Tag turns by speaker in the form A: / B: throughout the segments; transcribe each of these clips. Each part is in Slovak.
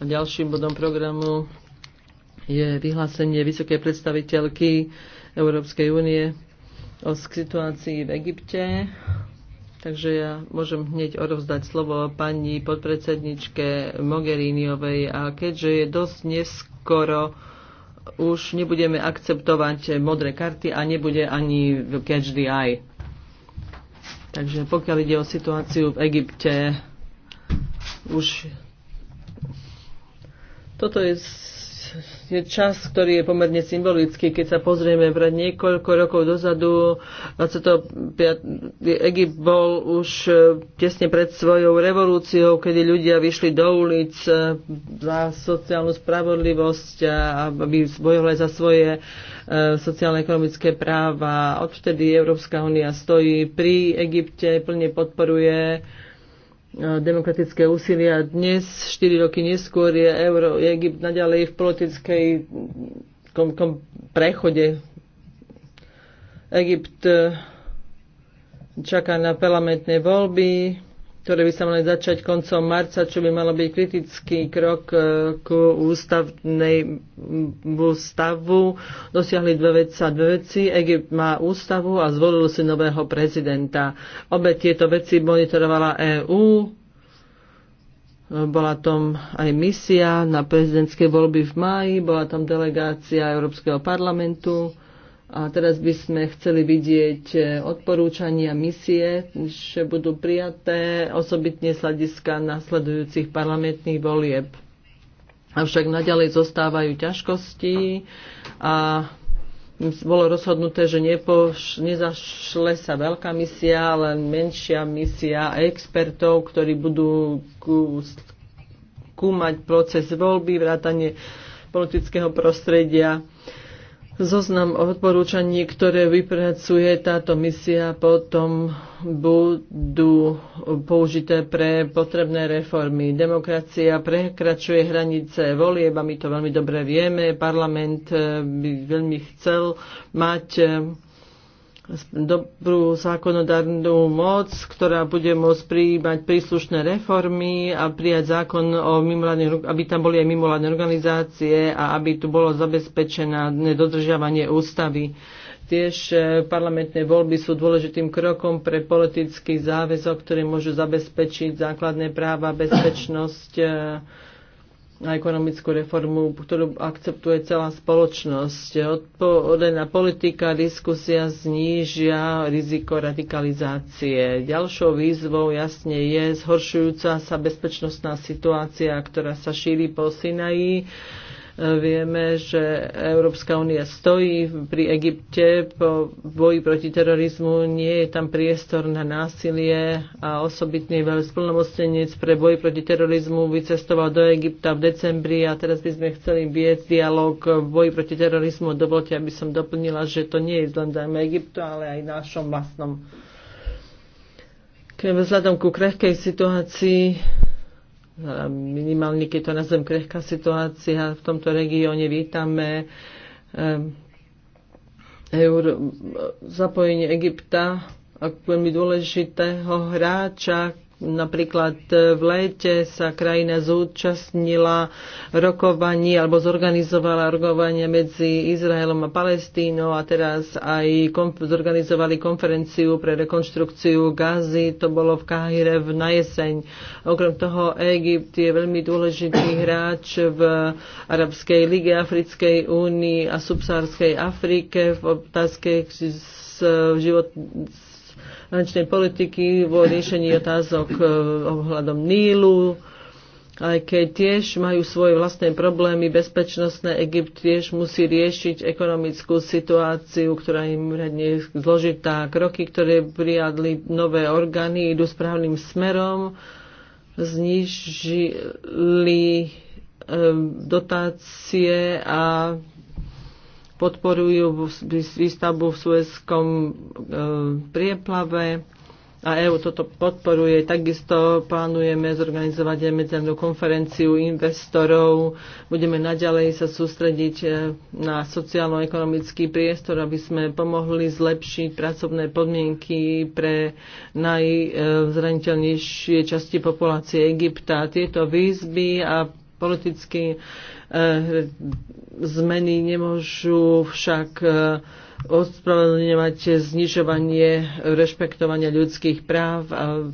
A: A ďalším bodom programu je vyhlásenie vysokej predstaviteľky Európskej únie o situácii v Egypte. Takže ja môžem hneď odovzdať slovo pani podpredsedničke Mogheriniovej. A keďže je dosť neskoro, už nebudeme akceptovať modré karty a nebude ani catch the eye. Takže pokiaľ ide o situáciu v Egypte, už toto je je čas, ktorý je pomerne symbolický. Keď sa pozrieme vrať niekoľko rokov dozadu, 25, Egypt bol už e, tesne pred svojou revolúciou, kedy ľudia vyšli do ulic e, za sociálnu spravodlivosť, aby bojovali za svoje e, sociálne-ekonomické práva. Odvtedy Európska únia stojí pri Egypte, plne podporuje E, demokratické úsilia. Dnes, 4 roky neskôr, je Euro, Egypt naďalej v politickej kom, kom, prechode. Egypt e, čaká na parlamentné voľby ktoré by sa mali začať koncom marca, čo by malo byť kritický krok e, k ústavnej stavu. Dosiahli dve veci, dve veci. Egypt má ústavu a zvolil si nového prezidenta. Obe tieto veci monitorovala EÚ. Bola tam aj misia na prezidentské voľby v máji, bola tam delegácia Európskeho parlamentu a teraz by sme chceli vidieť e, odporúčania misie, že budú prijaté osobitne z hľadiska nasledujúcich parlamentných volieb. Avšak naďalej zostávajú ťažkosti a bolo rozhodnuté, že nepoš, nezašle sa veľká misia, ale menšia misia expertov, ktorí budú skúmať proces voľby, vrátanie politického prostredia Zoznam odporúčaní, ktoré vypracuje táto misia, potom budú použité pre potrebné reformy. Demokracia prekračuje hranice volieb a my to veľmi dobre vieme. Parlament by veľmi chcel mať dobrú zákonodárnu moc, ktorá bude môcť prijímať príslušné reformy a prijať zákon, o aby tam boli aj mimoládne organizácie a aby tu bolo zabezpečené nedodržiavanie ústavy. Tiež e, parlamentné voľby sú dôležitým krokom pre politický záväzok, ktorý môžu zabezpečiť základné práva, bezpečnosť e, na ekonomickú reformu, ktorú akceptuje celá spoločnosť. Odpovedená politika, diskusia znížia riziko radikalizácie. Ďalšou výzvou jasne je zhoršujúca sa bezpečnostná situácia, ktorá sa šíri po Sinaji Vieme, že Európska únia stojí pri Egypte po boji proti terorizmu, nie je tam priestor na násilie a osobitný splnomostenec pre boj proti terorizmu vycestoval do Egypta v decembri a teraz by sme chceli viesť dialog v boji proti terorizmu. Dovolte, aby som doplnila, že to nie je len zájme Egyptu, ale aj našom vlastnom. Keď Vzhľadom ku krehkej situácii minimálne keď to nazvem krehká situácia v tomto regióne, vítame ehm, eur, zapojenie Egypta ako veľmi dôležitého hráča, Napríklad e, v lete sa krajina zúčastnila rokovaní alebo zorganizovala rokovania medzi Izraelom a Palestínou a teraz aj konf- zorganizovali konferenciu pre rekonštrukciu Gazy. To bolo v Káhire v na jeseň. Okrem toho Egypt je veľmi dôležitý hráč v Arabskej lige, Africkej únii a subsárskej Afrike v otázke život, hraničnej politiky vo riešení otázok e, ohľadom Nílu, aj keď tiež majú svoje vlastné problémy bezpečnostné, Egypt tiež musí riešiť ekonomickú situáciu, ktorá im radne zložitá. Kroky, ktoré prijadli nové orgány, idú správnym smerom, znižili e, dotácie a podporujú výstavbu v Suezkom e, prieplave a EU toto podporuje. Takisto plánujeme zorganizovať aj konferenciu investorov. Budeme naďalej sa sústrediť e, na sociálno-ekonomický priestor, aby sme pomohli zlepšiť pracovné podmienky pre najzraniteľnejšie časti populácie Egypta. Tieto výzby a politicky e, zmeny nemôžu však e, ospravedlňovať znižovanie rešpektovania ľudských práv a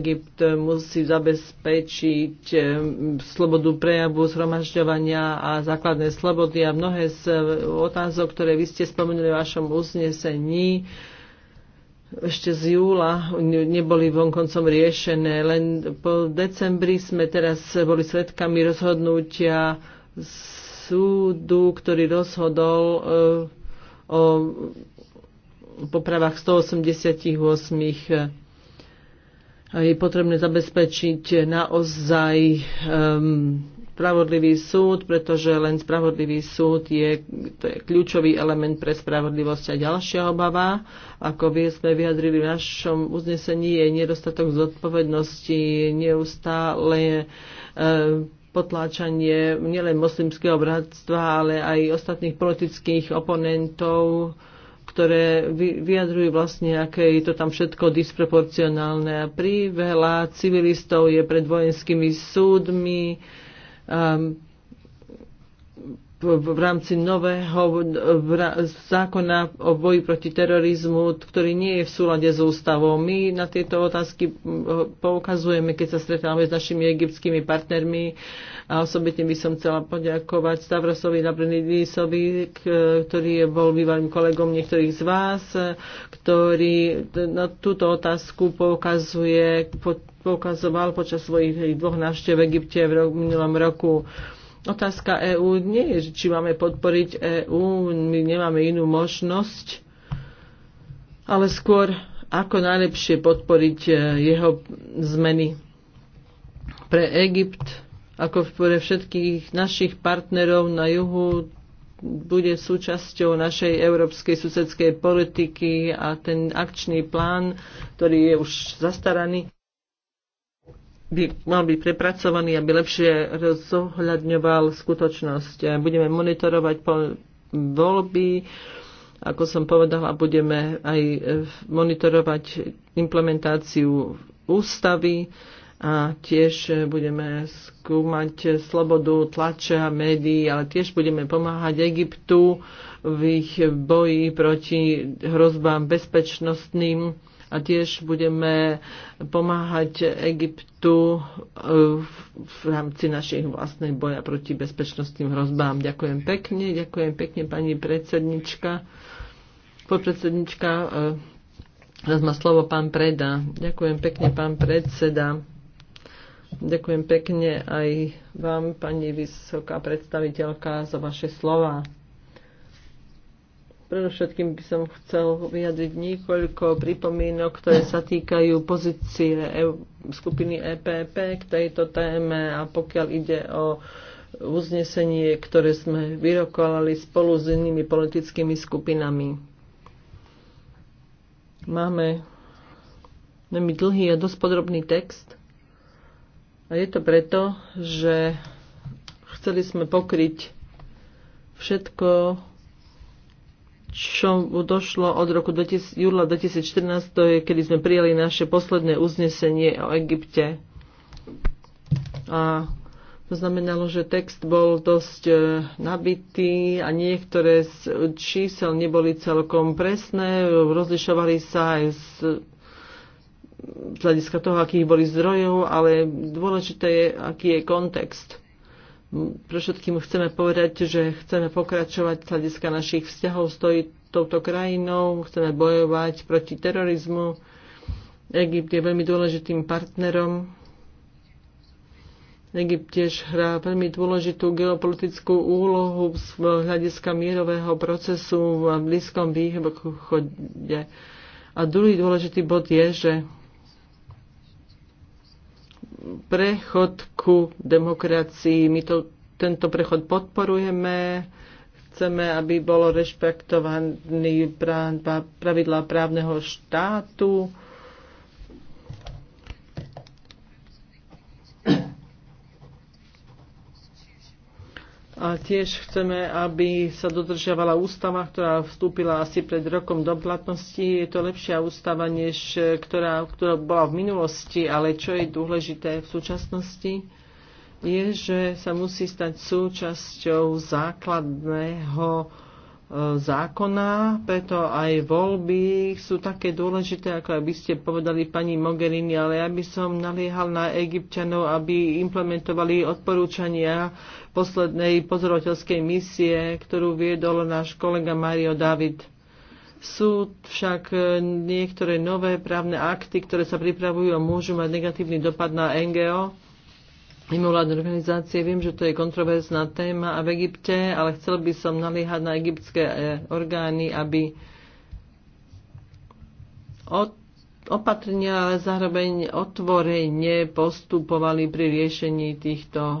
A: Egypt musí zabezpečiť e, slobodu prejavu, zhromažďovania a základné slobody a mnohé z otázok, ktoré vy ste spomenuli v vašom uznesení, ešte z júla neboli vonkoncom riešené. Len po decembri sme teraz boli svedkami rozhodnutia z súdu, ktorý rozhodol e, o popravách 188 je potrebné zabezpečiť naozaj um, spravodlivý súd, pretože len spravodlivý súd je, to je kľúčový element pre spravodlivosť. A ďalšia obava, ako vy sme vyjadrili v našom uznesení, je nedostatok zodpovednosti, neustále uh, potláčanie nielen moslimského bratstva, ale aj ostatných politických oponentov, ktoré vyjadrujú vlastne, aké je to tam všetko disproporcionálne. Pri veľa civilistov je pred vojenskými súdmi, um, v rámci nového zákona o boji proti terorizmu, ktorý nie je v súlade s ústavou. My na tieto otázky poukazujeme, keď sa stretávame s našimi egyptskými partnermi a osobitne by som chcela poďakovať Stavrosovi Labrinidisovi, ktorý je bol bývalým kolegom niektorých z vás, ktorý na túto otázku poukazuje, poukazoval počas svojich dvoch návštev v Egypte v minulom roku. Otázka EÚ nie je, či máme podporiť EÚ, my nemáme inú možnosť, ale skôr ako najlepšie podporiť e, jeho zmeny. Pre Egypt, ako pre všetkých našich partnerov na juhu, bude súčasťou našej európskej susedskej politiky a ten akčný plán, ktorý je už zastaraný, by mal byť prepracovaný, aby lepšie zohľadňoval skutočnosť. Budeme monitorovať voľby, ako som povedala, budeme aj e, monitorovať implementáciu ústavy a tiež budeme skúmať slobodu tlače a médií, ale tiež budeme pomáhať Egyptu v ich boji proti hrozbám bezpečnostným a tiež budeme pomáhať Egyptu e, v rámci našej vlastnej boja proti bezpečnostným hrozbám. Ďakujem pekne, ďakujem pekne pani predsednička, podpredsednička. E, teraz má slovo pán Preda. Ďakujem pekne, pán predseda. Ďakujem pekne aj vám, pani vysoká predstaviteľka, za vaše slova. Predovšetkým by som chcel vyjadriť niekoľko pripomínok, ktoré sa týkajú pozície e- skupiny EPP k tejto téme a pokiaľ ide o uznesenie, ktoré sme vyrokovali spolu s inými politickými skupinami. Máme veľmi dlhý a dosť podrobný text. A je to preto, že chceli sme pokryť všetko, čo došlo od roku 2000, júla 2014, to je, kedy sme prijali naše posledné uznesenie o Egypte. A to znamenalo, že text bol dosť e, nabitý a niektoré z čísel neboli celkom presné, rozlišovali sa aj z z hľadiska toho, akých boli zdrojov, ale dôležité je, aký je kontext pre všetkým chceme povedať, že chceme pokračovať z hľadiska našich vzťahov s touto krajinou, chceme bojovať proti terorizmu. Egypt je veľmi dôležitým partnerom. Egypt tiež hrá veľmi dôležitú geopolitickú úlohu z hľadiska mierového procesu v Blízkom východe. A druhý dôležitý bod je, že prechod ku demokracii. My to, tento prechod podporujeme, chceme, aby bolo rešpektovaný pravidlá právneho štátu A tiež chceme, aby sa dodržiavala ústava, ktorá vstúpila asi pred rokom do platnosti. Je to lepšia ústava, než ktorá, ktorá bola v minulosti, ale čo je dôležité v súčasnosti, je, že sa musí stať súčasťou základného zákona, preto aj voľby sú také dôležité, ako aby ste povedali pani Mogherini, ale ja by som naliehal na Egyptianov, aby implementovali odporúčania poslednej pozorovateľskej misie, ktorú viedol náš kolega Mario David. Sú však niektoré nové právne akty, ktoré sa pripravujú a môžu mať negatívny dopad na NGO mimovládne organizácie. Viem, že to je kontroverzná téma a v Egypte, ale chcel by som naliehať na egyptské e, orgány, aby od opatrenia, ale zároveň otvorene postupovali pri riešení týchto e,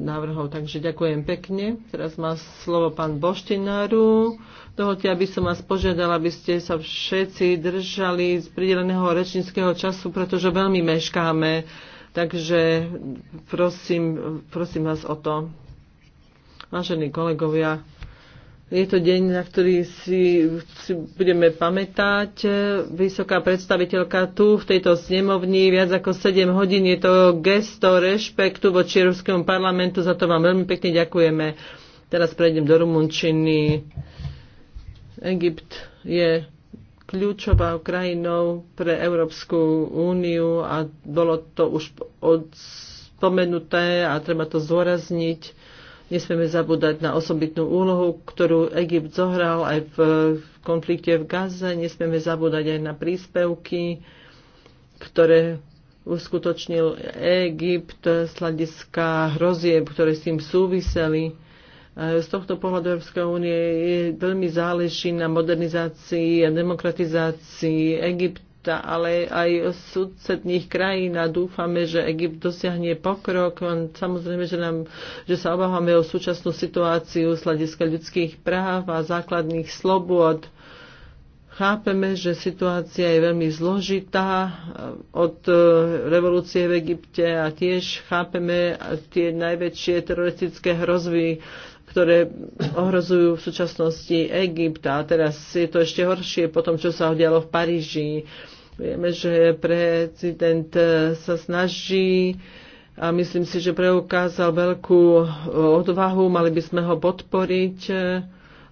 A: návrhov. Takže ďakujem pekne. Teraz má slovo pán Boštináru. Dovolte, aby som vás požiadala, aby ste sa všetci držali z prideleného rečníckého času, pretože veľmi meškáme. Takže prosím, prosím vás o to. Vážení kolegovia, je to deň, na ktorý si, si budeme pamätať. Vysoká predstaviteľka tu v tejto snemovni viac ako 7 hodín. Je to gesto rešpektu voči Európskemu parlamentu. Za to vám veľmi pekne ďakujeme. Teraz prejdem do Rumunčiny. Egypt je kľúčovou krajinou pre Európsku úniu a bolo to už spomenuté a treba to zdôrazniť. Nesmieme zabúdať na osobitnú úlohu, ktorú Egypt zohral aj v konflikte v Gaze. Nesmieme zabúdať aj na príspevky, ktoré uskutočnil Egypt z hľadiska hrozieb, ktoré s tým súviseli E, z tohto pohľadu Európskej únie je, veľmi záleží na modernizácii a demokratizácii Egypta, ale aj susedných krajín a dúfame, že Egypt dosiahne pokrok. Samozrejme, že, nám, že sa obávame o súčasnú situáciu z hľadiska ľudských práv a základných slobod chápeme, že situácia je veľmi zložitá od e, revolúcie v Egypte a tiež chápeme tie najväčšie teroristické hrozby, ktoré ohrozujú v súčasnosti Egypt a teraz je to ešte horšie po tom, čo sa udialo v Paríži. Vieme, že prezident sa snaží a myslím si, že preukázal veľkú odvahu, mali by sme ho podporiť,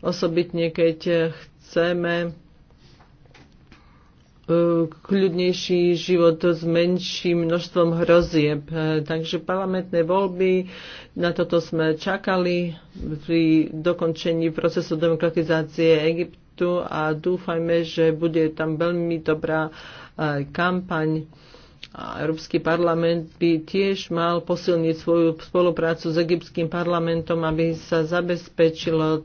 A: osobitne keď chceme E, kľudnejší život s menším množstvom hrozieb. E, takže parlamentné voľby, na toto sme čakali pri dokončení procesu demokratizácie Egyptu a dúfajme, že bude tam veľmi dobrá e, kampaň. A Európsky parlament by tiež mal posilniť svoju spoluprácu s egyptským parlamentom, aby sa zabezpečilo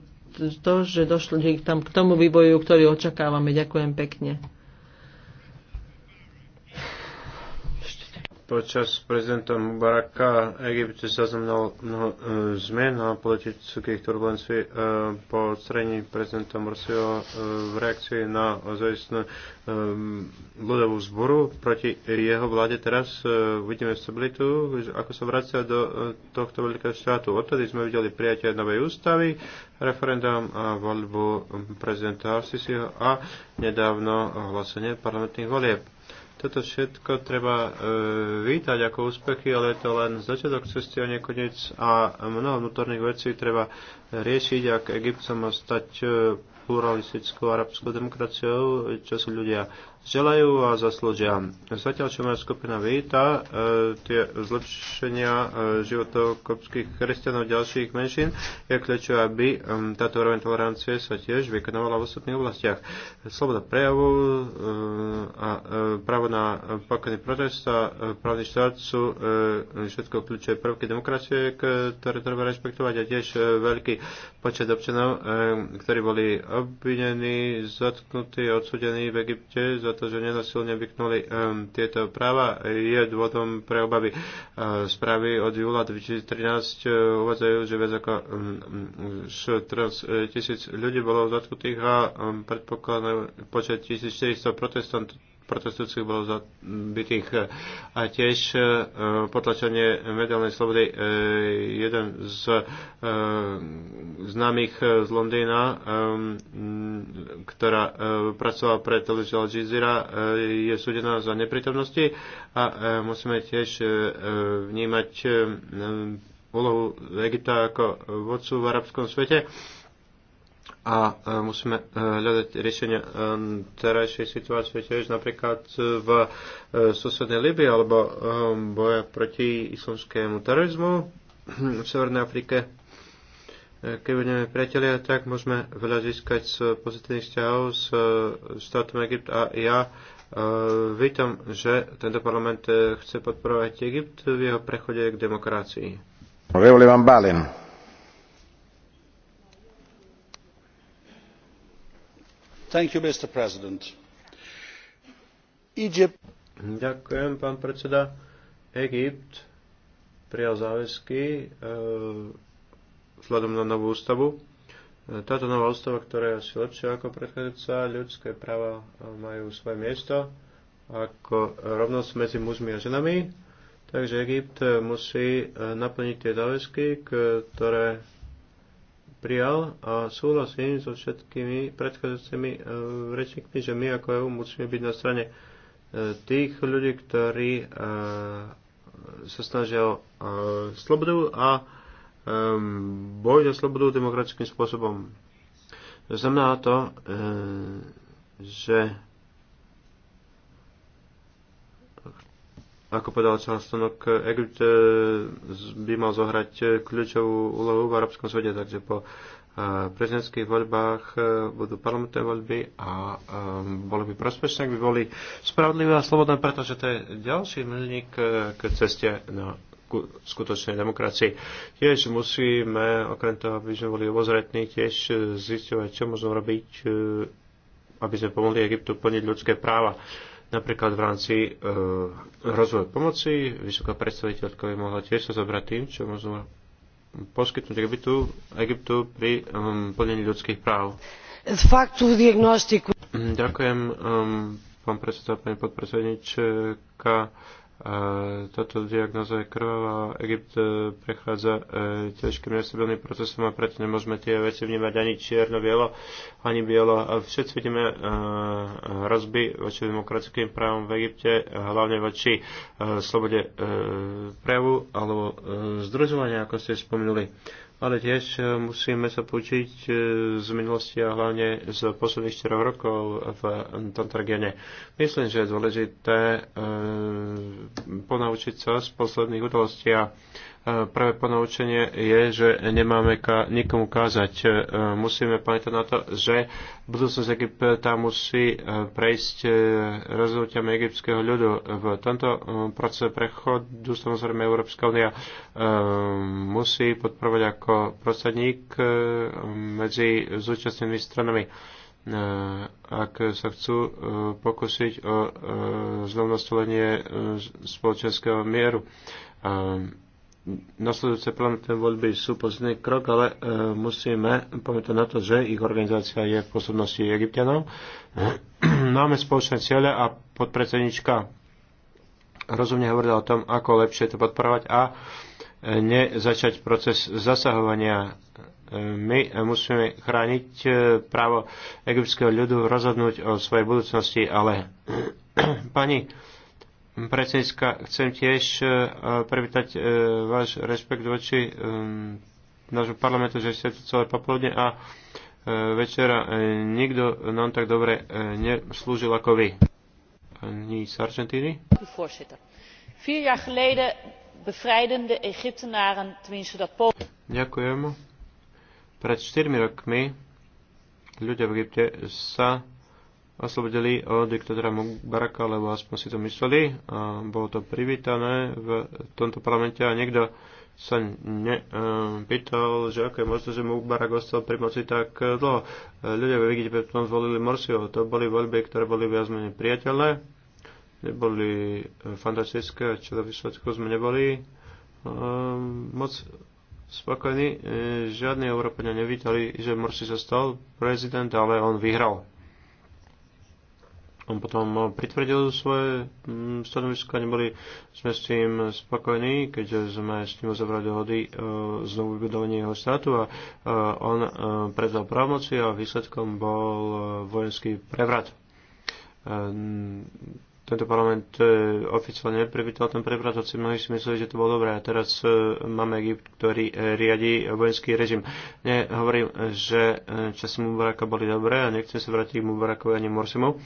A: to, že došlo tam k tomu vývoju, ktorý očakávame. Ďakujem pekne.
B: Počas prezidenta Mubaraka Egypt zaznamenal mnoho e, zmien na politických turbulencií e, po odstranení prezidenta Morsiho e, v reakcii na ozajstnú e, ľudovú zboru proti jeho vláde. Teraz e, vidíme stabilitu, ako sa vracia do e, tohto veľkého štátu. Odtedy sme videli prijatie novej ústavy, referendum a voľbu prezidenta Arsisiho a nedávno hlasenie parlamentných volieb toto všetko treba e, vítať ako úspechy, ale je to len začiatok cesty a nekoniec a mnoho vnútorných vecí treba riešiť, ak Egypt sa má stať e, pluralistickou arabskou demokraciou, čo sú ľudia želajú a zaslúžia. Zatiaľ, čo moja skupina víta, e, tie zlepšenia e, životov kopských kresťanov a ďalších menšín je kľúčové, aby táto úroveň tolerancie sa tiež vykonovala v ostatných oblastiach. Sloboda prejavu e, a právo na pokojný protest a právny štát sú všetko kľúčové prvky demokracie, ktoré treba rešpektovať a tiež veľký počet občanov, ktorí boli obvinení, zatknutí, odsudení v Egypte za za to, že nenasilne vyknuli um, ehm, tieto práva, je dôvodom pre obavy. Uh, správy od júla 2013 uh, eh, uvádzajú, že viac ako um, ehm, 14 tisíc ľudí bolo zatknutých a um, predpokladajú počet 1400 protestantov protestujúcich bolo zabitých a tiež e, potlačenie mediálnej slobody. E, jeden z e, známych z Londýna, ktorá pracovala pre televíziu Al Jazeera, je súdená za neprítomnosti a musíme tiež vnímať úlohu Egypta ako vodcu v arabskom svete a e, musíme e, hľadať riešenia e, terajšej situácie tiež napríklad v susednej Libii alebo boja proti islamskému terorizmu v Severnej Afrike. Keď budeme priatelia, tak môžeme veľa získať z pozitívnych vzťahov s štátom Egypt a ja vítam, že tento parlament chce podporovať Egypt v jeho prechode k demokracii.
A: Hovorím Balen.
B: You, Egypt... Egypt prijal záväzky e, vzhľadom na novú ústavu. E, táto nová ústava, ktorá je asi lepšia ako predchádzajúca, ľudské práva e, majú svoje miesto ako rovnosť medzi mužmi a ženami. Takže Egypt musí naplniť tie záväzky, ktoré prijal a súhlasím so všetkými predchádzajúcimi e, rečníkmi, že my ako EU musíme byť na strane e, tých ľudí, ktorí e, sa snažia o e, slobodu a e, boj za slobodu demokratickým spôsobom. Znamená to, e, že Ako povedal Charles Egypt eh, by mal zohrať eh, kľúčovú úlohu v arabskom svete, takže po eh, prezidentských voľbách budú parlamentné voľby a bolo by prospešné, ak by boli spravodlivé a slobodné, pretože to je ďalší milník k ceste na skutočnej demokracii. Tiež musíme, okrem toho, aby sme boli obozretní, tiež zistovať, čo môžeme robiť, aby sme pomohli Egyptu plniť ľudské práva. Napríklad v rámci e, rozvoja pomoci vysoká predstaviteľka by mohla tiež sa zobrať tým, čo možno poskytnúť Egyptu, Egyptu pri um, plnení ľudských práv.
A: faktu diagnostiku.
B: Ďakujem, um, pán predseda, pani podpredsedníčka toto je krvavá. Egypt e, prechádza e, ťažkým nestabilným procesom a preto nemôžeme tie veci vnímať ani čierno-bielo, ani bielo. A všetci vidíme e, hrozby voči demokratickým právom v Egypte, hlavne voči slobode prejavu alebo združovania, ako ste spomenuli ale tiež e, musíme sa poučiť e, z minulosti a hlavne z posledných 4 rokov v tomto regióne. Myslím, že je dôležité e, ponaučiť sa z posledných udalostí a prvé ponaučenie je, že nemáme ka, nikomu kázať. E, musíme pamätať na to, že budúcnosť Egypta musí e, prejsť e, rozhodnutiami egyptského ľudu. V tomto procese prechodu samozrejme Európska únia musí podporovať ako prostredník medzi zúčastnenými stranami ak sa chcú pokúsiť o znovnostolenie spoločenského mieru nasledujúce planetné voľby sú posledný krok, ale e, musíme pamätať na to, že ich organizácia je v pôsobnosti egyptianov. Máme spoločné ciele a podpredsednička rozumne hovorila o tom, ako lepšie to podporovať a e, nezačať proces zasahovania. E, my musíme chrániť e, právo egyptského ľudu rozhodnúť o svojej budúcnosti, ale pani predsednička, chcem tiež e, e, privítať e, váš rešpekt voči nášho parlamentu, že ste tu celé popoludne a večera nikto nám tak dobre neslúžil ako vy. Pani Sargentini? Ďakujem. Pred 4 rokmi ľudia v Egypte sa oslobodili od diktatúra Mubaraka, lebo aspoň si to mysleli. A bolo to privítané v tomto parlamente a niekto sa ne, um, pýtal, že ako je že Mubarak ostal pri moci tak dlho. Ľudia, v vidíte, potom zvolili Morsiho. To boli voľby, ktoré boli viac menej priateľné. Neboli fantastické, čo do výsledku sme neboli. Um, moc spokojní. E, žiadni Európania nevítali, že Morsi sa stal prezident, ale on vyhral on potom pritvrdil svoje mm, stanovisko a neboli sme s tým spokojní, keďže sme s ním uzavrali dohody e, znovu vybudovanie jeho štátu a e, on e, predal právomoci a výsledkom bol vojenský prevrat tento parlament e, oficiálne privítal ten prevrat, hoci mnohí si mysleli, že to bolo dobré. A teraz e, máme Egypt, ktorý e, riadi vojenský režim. Ne, hovorím, že časy Mubaraka boli dobré a nechcem sa vrátiť k Mubarakovi ani Morsimu.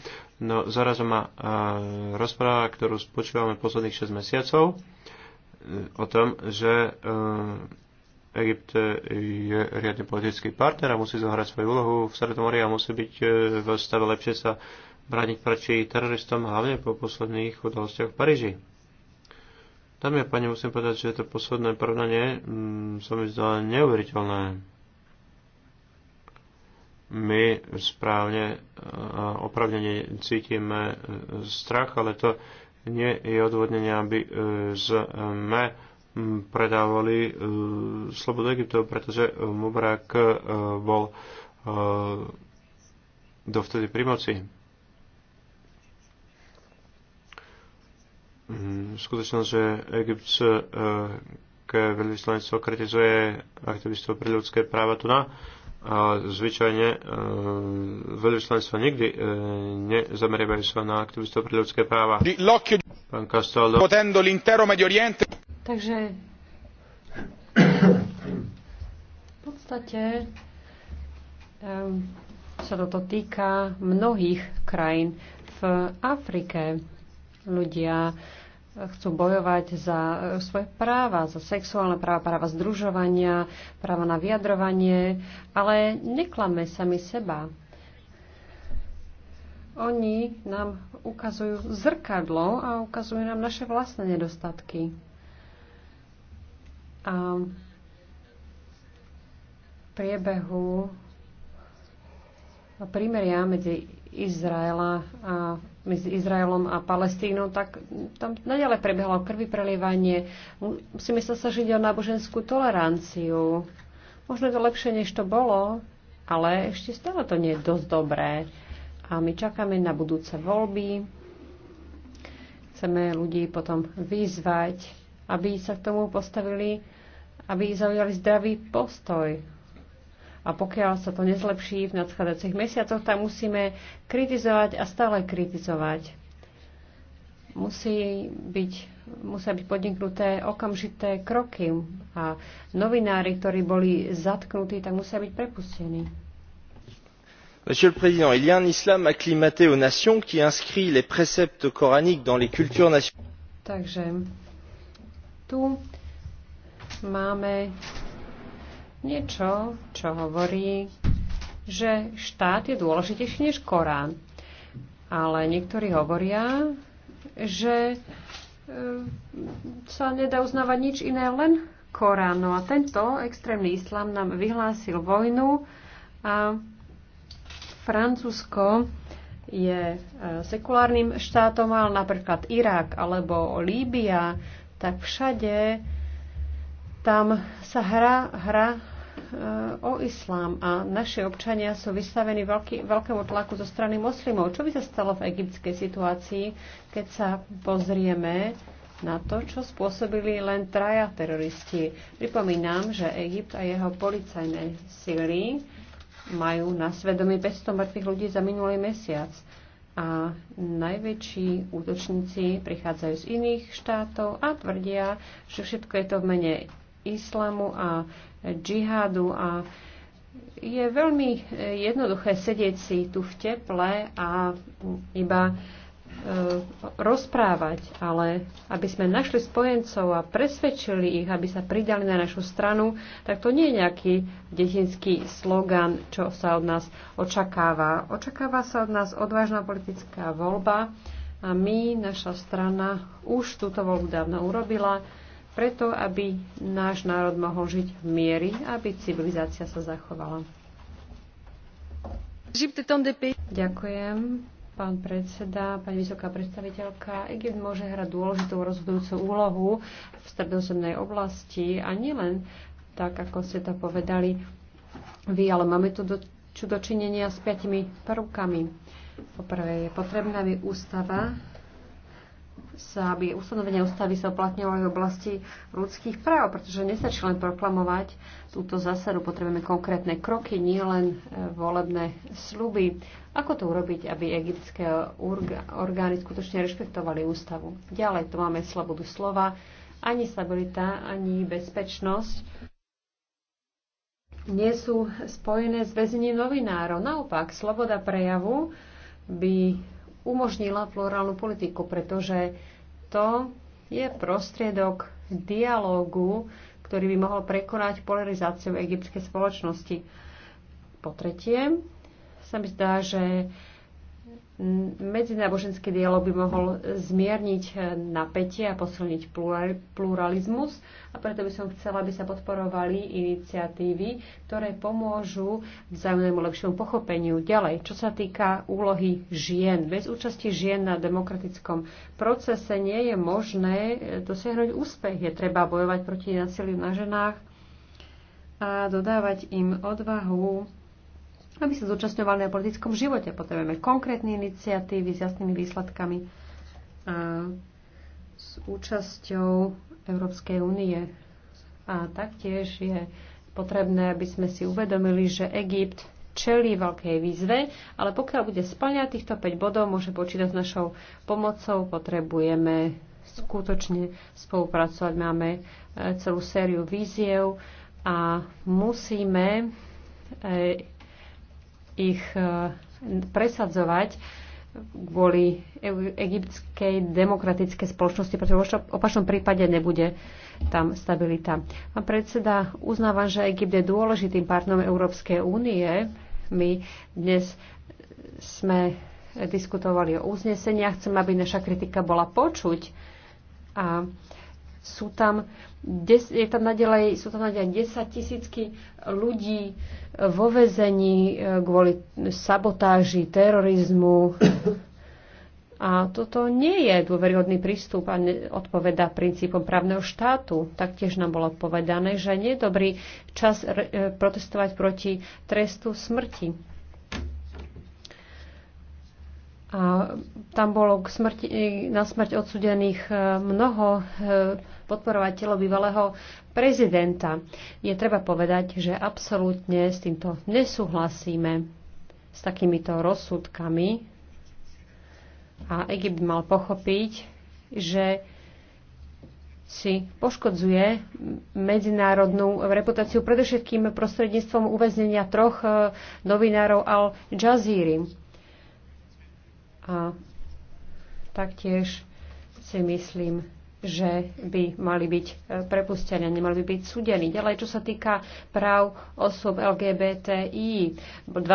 B: No zarazom ma rozpráva, ktorú spočívame posledných 6 mesiacov o tom, že Egypt je riadne politický partner a musí zohrať svoju úlohu v Sredomorí a musí byť v stave lepšie sa brániť proti teroristom, hlavne po posledných udalostiach v Paríži. Tam ja pani musím povedať, že to posledné porovnanie mm, sa mi zdá neuveriteľné. My správne a opravnene cítime e, strach, ale to nie je odvodnenie, aby e, sme predávali e, slobodu Egyptu, pretože Mubarak bol dovtedy pri moci. Mhm. skutočnosť, že Egypt e, k veľvyslanectvo kritizuje aktivistov pre ľudské práva tu na a zvyčajne e, veľvyslanectvo nikdy e, nezameriavajú sa na aktivistov pre ľudské práva. Pán Castaldo.
A: Takže
C: v podstate um, sa toto týka mnohých krajín v Afrike. Ľudia chcú bojovať za e, svoje práva, za sexuálne práva, práva združovania, práva na vyjadrovanie, ale neklame sami seba. Oni nám ukazujú zrkadlo a ukazujú nám naše vlastné nedostatky. A priebehu primeria medzi Izraela a medzi Izraelom a Palestínou, tak tam naďalej prebiehalo krvi prelievanie. Musíme sa sažiť o náboženskú toleranciu. Možno je to lepšie, než to bolo, ale ešte stále to nie je dosť dobré. A my čakáme na budúce voľby. Chceme ľudí potom vyzvať, aby sa k tomu postavili, aby zaujali zdravý postoj a pokiaľ sa to nezlepší v nadchádzajúcich mesiacoch, tak musíme kritizovať a stále kritizovať. Musí byť, musia byť podniknuté okamžité kroky a novinári, ktorí boli zatknutí, tak musia byť prepustení.
B: Monsieur le Président, il y a un islam acclimaté aux nations qui inscrit les préceptes coraniques dans les cultures nationales.
C: Takže tu máme niečo, čo hovorí, že štát je dôležitejší než Korán. Ale niektorí hovoria, že e, sa nedá uznávať nič iné, len Korán. No a tento extrémny islám nám vyhlásil vojnu a Francúzsko je e, sekulárnym štátom, ale napríklad Irak alebo Líbia, tak všade tam sa hra, hra o islám a naše občania sú vystavení veľký, veľkému tlaku zo strany moslimov. Čo by sa stalo v egyptskej situácii, keď sa pozrieme na to, čo spôsobili len traja teroristi? Pripomínam, že Egypt a jeho policajné sily majú na svedomí 500 mŕtvych ľudí za minulý mesiac a najväčší útočníci prichádzajú z iných štátov a tvrdia, že všetko je to v mene islamu a džihadu a je veľmi e, jednoduché sedieť si tu v teple a iba e, rozprávať, ale aby sme našli spojencov a presvedčili ich, aby sa pridali na našu stranu, tak to nie je nejaký detinský slogan, čo sa od nás očakáva. Očakáva sa od nás odvážna politická voľba a my, naša strana, už túto voľbu dávno urobila preto, aby náš národ mohol žiť v miery, aby civilizácia sa zachovala. Ďakujem, pán predseda, pani vysoká predstaviteľka. Egypt môže hrať dôležitú rozhodujúcu úlohu v stredozemnej oblasti a nielen tak, ako ste to povedali vy, ale máme tu do, čo dočinenia s piatimi prvkami. Poprvé je potrebná by ústava sa, aby ustanovenia ústavy sa uplatňovali v oblasti ľudských práv, pretože nestačí len proklamovať túto zásadu, potrebujeme konkrétne kroky, nie len e, volebné sluby. Ako to urobiť, aby egyptské orgány skutočne rešpektovali ústavu? Ďalej tu máme slobodu slova, ani stabilita, ani bezpečnosť nie sú spojené s väzením novinárov. Naopak, sloboda prejavu by umožnila plurálnu politiku, pretože to je prostriedok dialógu, ktorý by mohol prekonať polarizáciu egyptskej spoločnosti. Po tretie, sa mi zdá, že medzináboženský dialog by mohol zmierniť eh, napätie a posilniť pluralizmus a preto by som chcela, aby sa podporovali iniciatívy, ktoré pomôžu vzájomnému lepšiemu pochopeniu. Ďalej, čo sa týka úlohy žien. Bez účasti žien na demokratickom procese nie je možné eh, dosiahnuť úspech. Je treba bojovať proti násiliu na ženách a dodávať im odvahu aby sa zúčastňovali na politickom živote. Potrebujeme konkrétne iniciatívy s jasnými výsledkami a s účasťou Európskej únie. A taktiež je potrebné, aby sme si uvedomili, že Egypt čelí veľkej výzve, ale pokiaľ bude splňať týchto 5 bodov, môže počítať s našou pomocou. Potrebujeme skutočne spolupracovať. Máme e, celú sériu víziev a musíme e, ich e, presadzovať kvôli e-, egyptskej demokratickej spoločnosti, pretože v opačnom prípade nebude tam stabilita. Pán predseda, uznávam, že Egypt je dôležitým partnerom Európskej únie. My dnes sme diskutovali o uzneseniach, chcem, aby naša kritika bola počuť. A sú tam, je tam nadalej, sú tam nadalej 10 tisícky ľudí, vo vezení e, kvôli sabotáži, terorizmu. A toto nie je dôveryhodný prístup a odpoveda princípom právneho štátu. Taktiež nám bolo povedané, že nie je dobrý čas e, protestovať proti trestu smrti. A tam bolo k smrti, na smrť odsudených e, mnoho podporovateľov bývalého prezidenta. Je treba povedať, že absolútne s týmto nesúhlasíme, s takýmito rozsudkami. A Egypt mal pochopiť, že si poškodzuje medzinárodnú reputáciu predovšetkým prostredníctvom uväznenia troch e, novinárov Al Jazeera. A taktiež si myslím, že by mali byť e, prepustené, nemali by byť súdení. Ďalej, čo sa týka práv osob LGBTI, 26 e,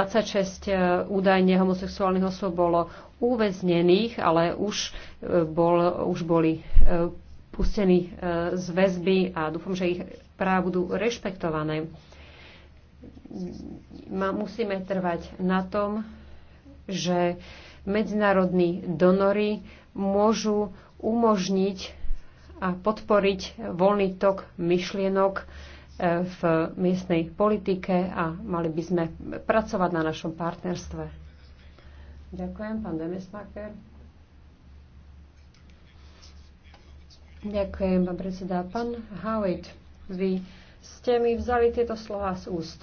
C: údajne homosexuálnych osôb bolo uväznených, ale už, e, bol, už boli pustení z väzby a dúfam, že ich práv budú rešpektované. Musíme trvať na tom, že medzinárodní donory môžu umožniť a podporiť voľný tok myšlienok e, v miestnej politike a mali by sme pracovať na našom partnerstve. Ďakujem, pán Demesmaker. Ďakujem, pán predseda. Pán Howitt, vy ste mi vzali tieto slova z úst.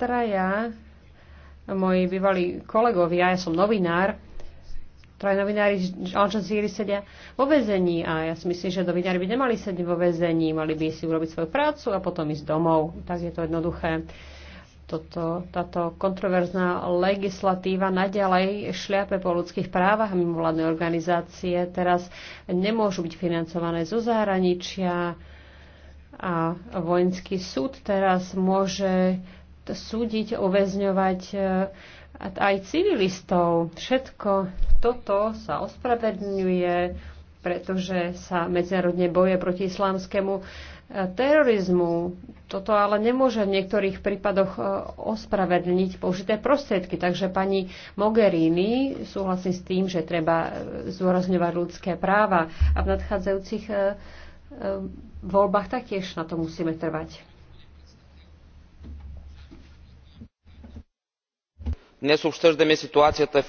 C: Traja, moji bývalí kolegovia, ja som novinár, traja novinári Al Jazeera sedia vo väzení a ja si myslím, že novinári by nemali sedieť vo väzení, mali by si urobiť svoju prácu a potom ísť domov. Tak je to jednoduché. Toto, táto kontroverzná legislatíva naďalej šliape po ľudských právach mimovládne organizácie. Teraz nemôžu byť financované zo zahraničia a vojenský súd teraz môže súdiť, uväzňovať e, aj civilistov. Všetko toto sa ospravedňuje, pretože sa medzinárodne boje proti islámskému e, terorizmu. Toto ale nemôže v niektorých prípadoch e, ospravedlniť použité prostriedky. Takže pani Mogherini súhlasí s tým, že treba e, zdôrazňovať ľudské práva a v nadchádzajúcich voľbách taktiež na to musíme trvať.
B: dnes obstáždeme situáciata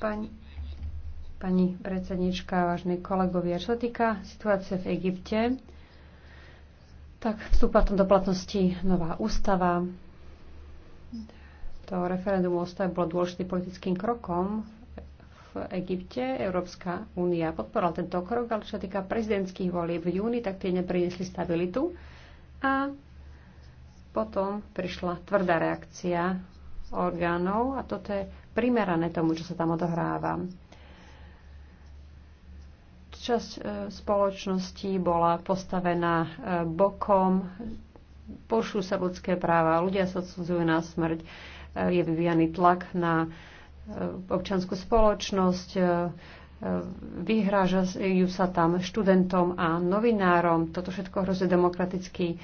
C: Pani, pani predsednička, vážni kolegovia, čo sa týka situácie v Egypte, tak vstúpa tam do platnosti nová ústava. To referendum o ústave bolo dôležitým politickým krokom v Egypte. Európska únia podporila tento krok, ale čo sa týka prezidentských volieb v júni, tak tie neprinesli stabilitu. A potom prišla tvrdá reakcia orgánov a toto je primerané tomu, čo sa tam odohráva. Časť e, spoločnosti bola postavená e, bokom, pošú sa ľudské práva, ľudia sa odsudzujú na smrť, e, je vyvíjaný tlak na občanskú spoločnosť, vyhrážajú sa tam študentom a novinárom. Toto všetko hrozí demokratický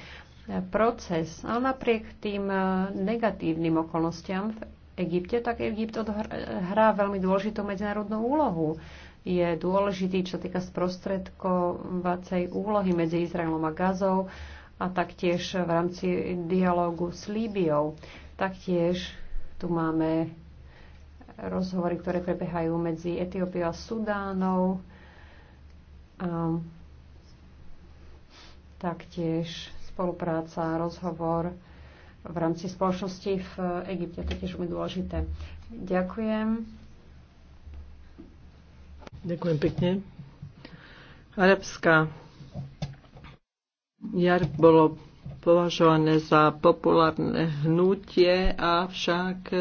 C: proces. Ale napriek tým e, negatívnym okolnostiam v Egypte, tak Egypt hrá veľmi dôležitú medzinárodnú úlohu. Je dôležitý, čo týka sprostredkovacej úlohy medzi Izraelom a Gazou a taktiež v rámci dialógu s Líbiou. Taktiež tu máme rozhovory, ktoré prebiehajú medzi Etiópiou a Sudánou. A taktiež spolupráca, rozhovor v rámci spoločnosti v Egypte. To tiež je dôležité. Ďakujem.
A: Ďakujem pekne. Arabská jar bolo považované za populárne hnutie, avšak e,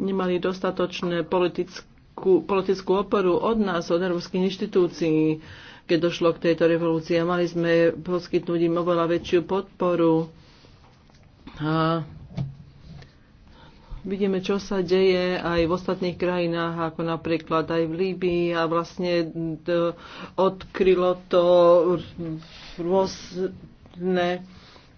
A: nemali dostatočné politickú, politickú oporu od nás, od európskych inštitúcií keď došlo k tejto revolúcii a mali sme poskytnúť im oveľa väčšiu podporu. A vidíme, čo sa deje aj v ostatných krajinách, ako napríklad aj v Líbii a vlastne odkrylo to rôzne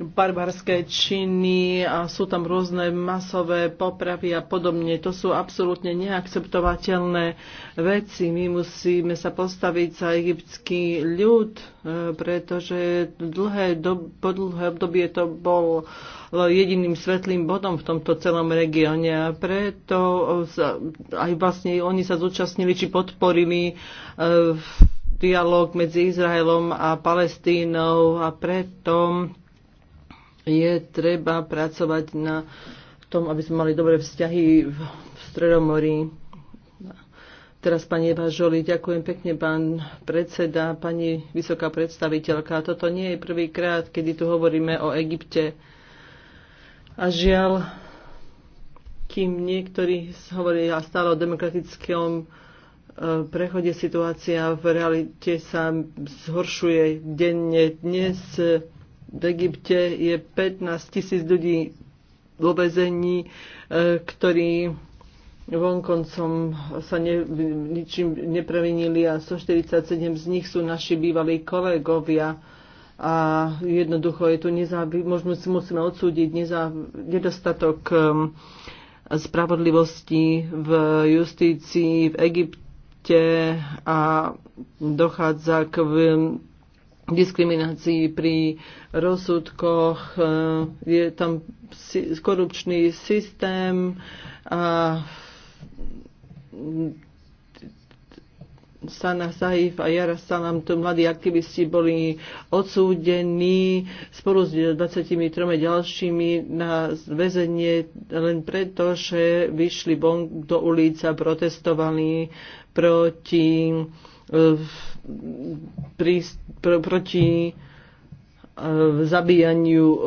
A: barbarské činy a sú tam rôzne masové popravy a podobne. To sú absolútne neakceptovateľné veci. My musíme sa postaviť za egyptský ľud, e, pretože dlhé, do, po dlhé obdobie to bol jediným svetlým bodom v tomto celom regióne a preto sa, aj vlastne oni sa zúčastnili či podporili e, dialog medzi Izraelom a Palestínou a preto je treba pracovať na tom, aby sme mali dobré vzťahy v Stredomorí. Teraz pani Eva Žoli, ďakujem pekne, pán predseda, pani vysoká predstaviteľka. Toto nie je prvýkrát, kedy tu hovoríme o Egypte. A žiaľ, kým niektorí hovoria stále o demokratickom e, prechode situácia v realite sa zhoršuje denne. Dnes v Egypte je 15 tisíc ľudí vo vezení, e, ktorí vonkoncom sa ne, ničím neprevinili a 147 z nich sú naši bývalí kolegovia a jednoducho je tu nezávi, možno si musíme odsúdiť nedostatok um, spravodlivosti v justícii v Egypte a dochádza k um, diskriminácii pri rozsudkoch, eh, je tam korupčný systém a Sana Saif a Jara Salam, to mladí aktivisti boli odsúdení spolu s 23 ďalšími na väzenie len preto, že vyšli von do ulica, protestovali proti eh, pri, pr- proti e, zabíjaniu, e,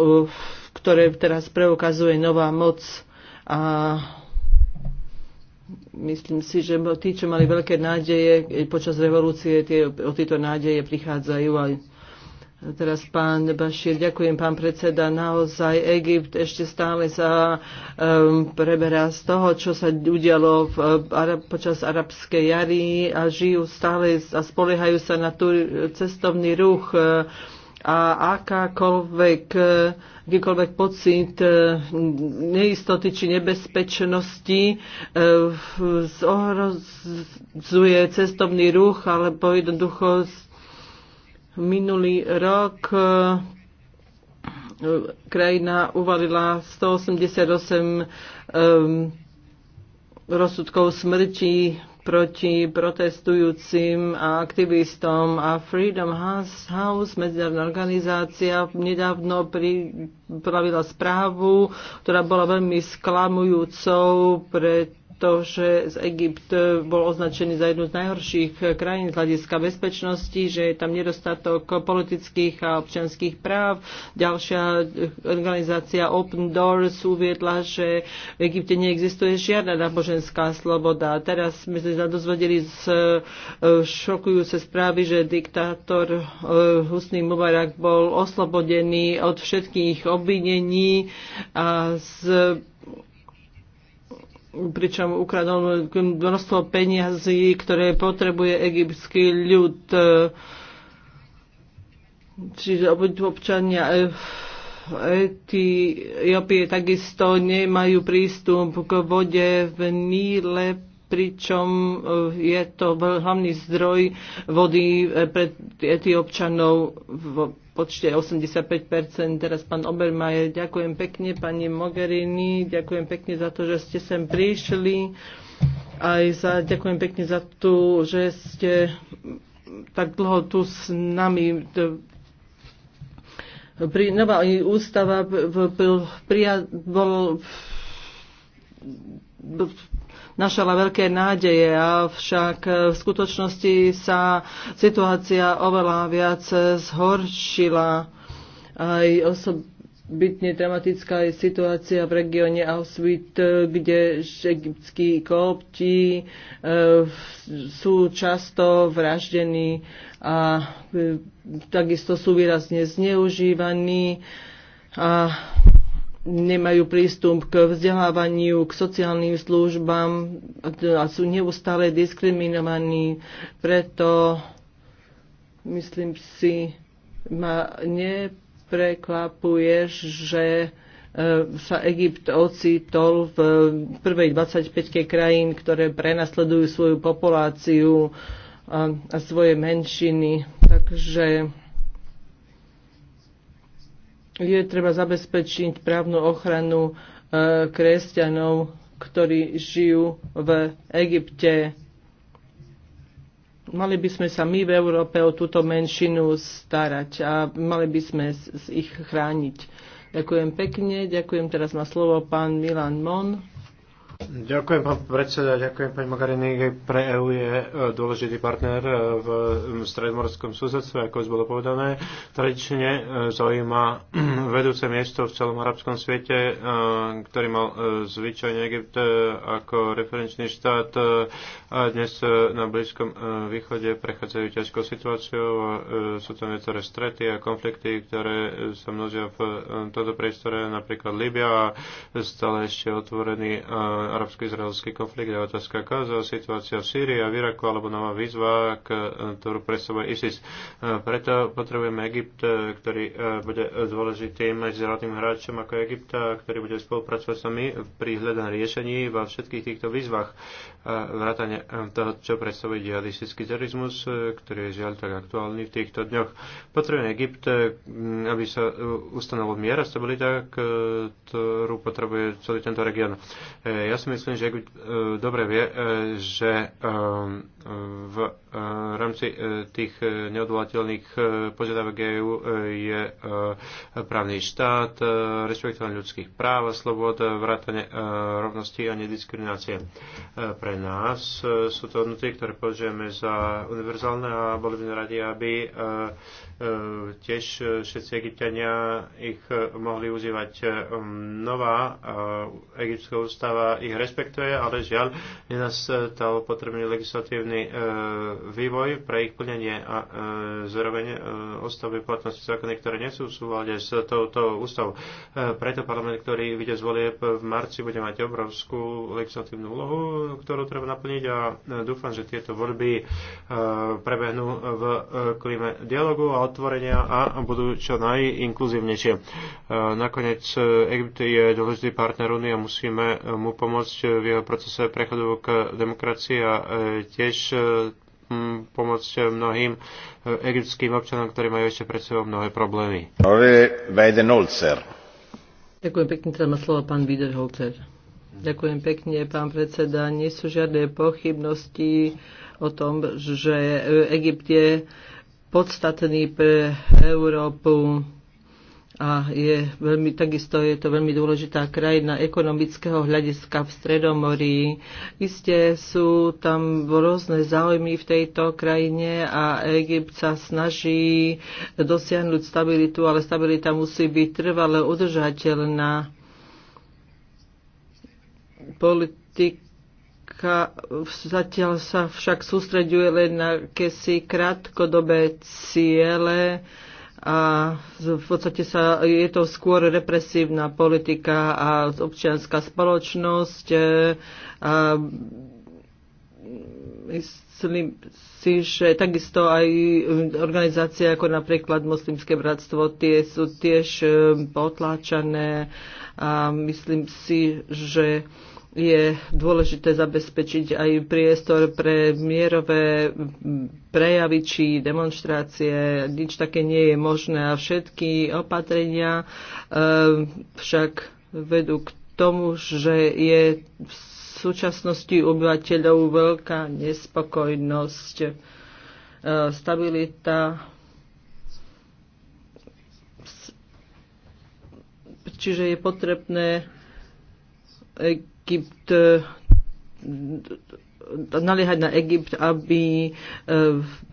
A: ktoré teraz preukazuje nová moc a myslím si, že tí, čo mali veľké nádeje počas revolúcie, tie, o tieto nádeje prichádzajú aj Teraz pán Bašír, ďakujem pán predseda. Naozaj Egypt ešte stále sa um, preberá z toho, čo sa udialo v, Arab, počas arabskej jary a žijú stále a spoliehajú sa na tú cestovný ruch a akákoľvek, akýkoľvek pocit neistoty či nebezpečnosti um, zohrozuje cestovný ruch alebo jednoducho Minulý rok e, krajina uvalila 188 um, rozsudkov smrti proti protestujúcim a aktivistom a Freedom House, House medzinárodná organizácia, nedávno pripravila správu, ktorá bola veľmi sklamujúcou, pre to, že z Egypt bol označený za jednu z najhorších krajín z hľadiska bezpečnosti, že je tam nedostatok politických a občianských práv. Ďalšia organizácia Open Doors uviedla, že v Egypte neexistuje žiadna náboženská sloboda. Teraz sme sa dozvedeli z e, šokujúce správy, že diktátor e, Husný Mubarak bol oslobodený od všetkých obvinení a z pričom ukradol množstvo peniazí, ktoré potrebuje egyptský ľud. Čiže občania Etiópie takisto nemajú prístup k vode v Níle, pričom je to hlavný zdroj vody pre Etiópčanov počte 85%. Teraz pán Obermajer, ďakujem pekne pani Mogherini, ďakujem pekne za to, že ste sem prišli. Aj za, ďakujem pekne za to, že ste tak dlho tu s nami pri, nová ústava v, pri, prija, bol, v, v, našala veľké nádeje, avšak v skutočnosti sa situácia oveľa viac zhoršila. Aj osob, bytne dramatická je situácia v regióne Auschwitz, kde egyptskí kopti e, sú často vraždení a e, takisto sú výrazne zneužívaní. A nemajú prístup k vzdelávaniu, k sociálnym službám a sú neustále diskriminovaní. Preto myslím si, ma neprekvapuje, že e, sa Egypt ocitol v prvej 25 krajín, ktoré prenasledujú svoju populáciu a, a svoje menšiny. Takže je treba zabezpečiť právnu ochranu e, kresťanov, ktorí žijú v Egypte. Mali by sme sa my v Európe o túto menšinu starať a mali by sme ich chrániť. Ďakujem pekne. Ďakujem. Teraz má slovo pán Milan Mon.
B: Ďakujem, pán predseda, ďakujem, pani Magarini. Pre EU je e, dôležitý partner e, v stredomorskom susedstve, ako už bolo povedané. Tradične e, zaujíma vedúce miesto v celom arabskom svete, ktorý mal zvyčajne Egypt ako referenčný štát. A dnes na Blízkom východe prechádzajú ťažkou situáciou a sú tam niektoré strety a konflikty, ktoré sa množia v tomto priestore, napríklad Libia, stále ešte otvorený arabsko-izraelský konflikt a otázka Kaza, situácia v Sýrii a v Iraku alebo nová výzva, eh, ktorú predstavuje ISIS. Eh, preto potrebujeme Egypt, eh, ktorý bude dôležitým medzinárodným hráčom ako Egypta, ktorý bude spolupracovať s nami pri hľadaní riešení vo všetkých týchto výzvach vrátane eh, toho, čo predstavuje jihadistický terorizmus, eh, ktorý je žiaľ tak aktuálny v týchto dňoch. Potrebuje Egypt, eh, aby sa ustanovil mier a stabilita, ktorú potrebuje celý tento región. Ja si myslím, že Egypt dobre vie, že v rámci tých neodvolateľných požiadavek EU je právny štát, rešpektovanie ľudských práv a slobod, vrátane rovnosti a nediskriminácie pre nás e, sú to hodnoty, ktoré považujeme za univerzálne a boli by sme radi, aby e, e, tiež všetci egyptiania ich mohli užívať. Nová egyptská ústava ich respektuje, ale žiaľ, nenastal potrebný legislatívny vývoj pre ich plnenie a zároveň ostavuje platnosti zákony, ktoré nie sú v súlade s touto ústavou. Preto parlament, ktorý vyjde z volieb v marci, bude mať obrovskú legislatívnu úlohu, ktorú treba naplniť a e, dúfam, že tieto voľby e, prebehnú v e, klíme dialogu a otvorenia a budú čo najinkluzívnejšie. Nakoniec Egypt je dôležitý partner Unie a musíme mu pomôcť v jeho procese prechodu k demokracii a tiež pomôcť mnohým egyptským občanom, ktorí majú ešte pred sebou mnohé problémy.
A: Ďakujem pekne, teda má slovo pán Biederholzer. Ďakujem pekne, pán predseda. Nie sú žiadne pochybnosti o tom, že Egypt je podstatný pre Európu a je veľmi, takisto je to veľmi dôležitá krajina ekonomického hľadiska v Stredomorí. Isté sú tam rôzne záujmy v tejto krajine a Egypt sa snaží dosiahnuť stabilitu, ale stabilita musí byť trvale udržateľná politika zatiaľ sa však sústreďuje len na kesi krátkodobé ciele a v podstate sa, je to skôr represívna politika a občianská spoločnosť. E, a myslím si, že takisto aj organizácie ako napríklad Moslimské bratstvo, tie sú tiež e, potláčané a myslím si, že je dôležité zabezpečiť aj priestor pre mierové prejavy či demonstrácie. Nič také nie je možné a všetky opatrenia e, však vedú k tomu, že je v súčasnosti obyvateľov veľká nespokojnosť. E, stabilita čiže je potrebné Egypt e, naliehať na Egypt, aby e,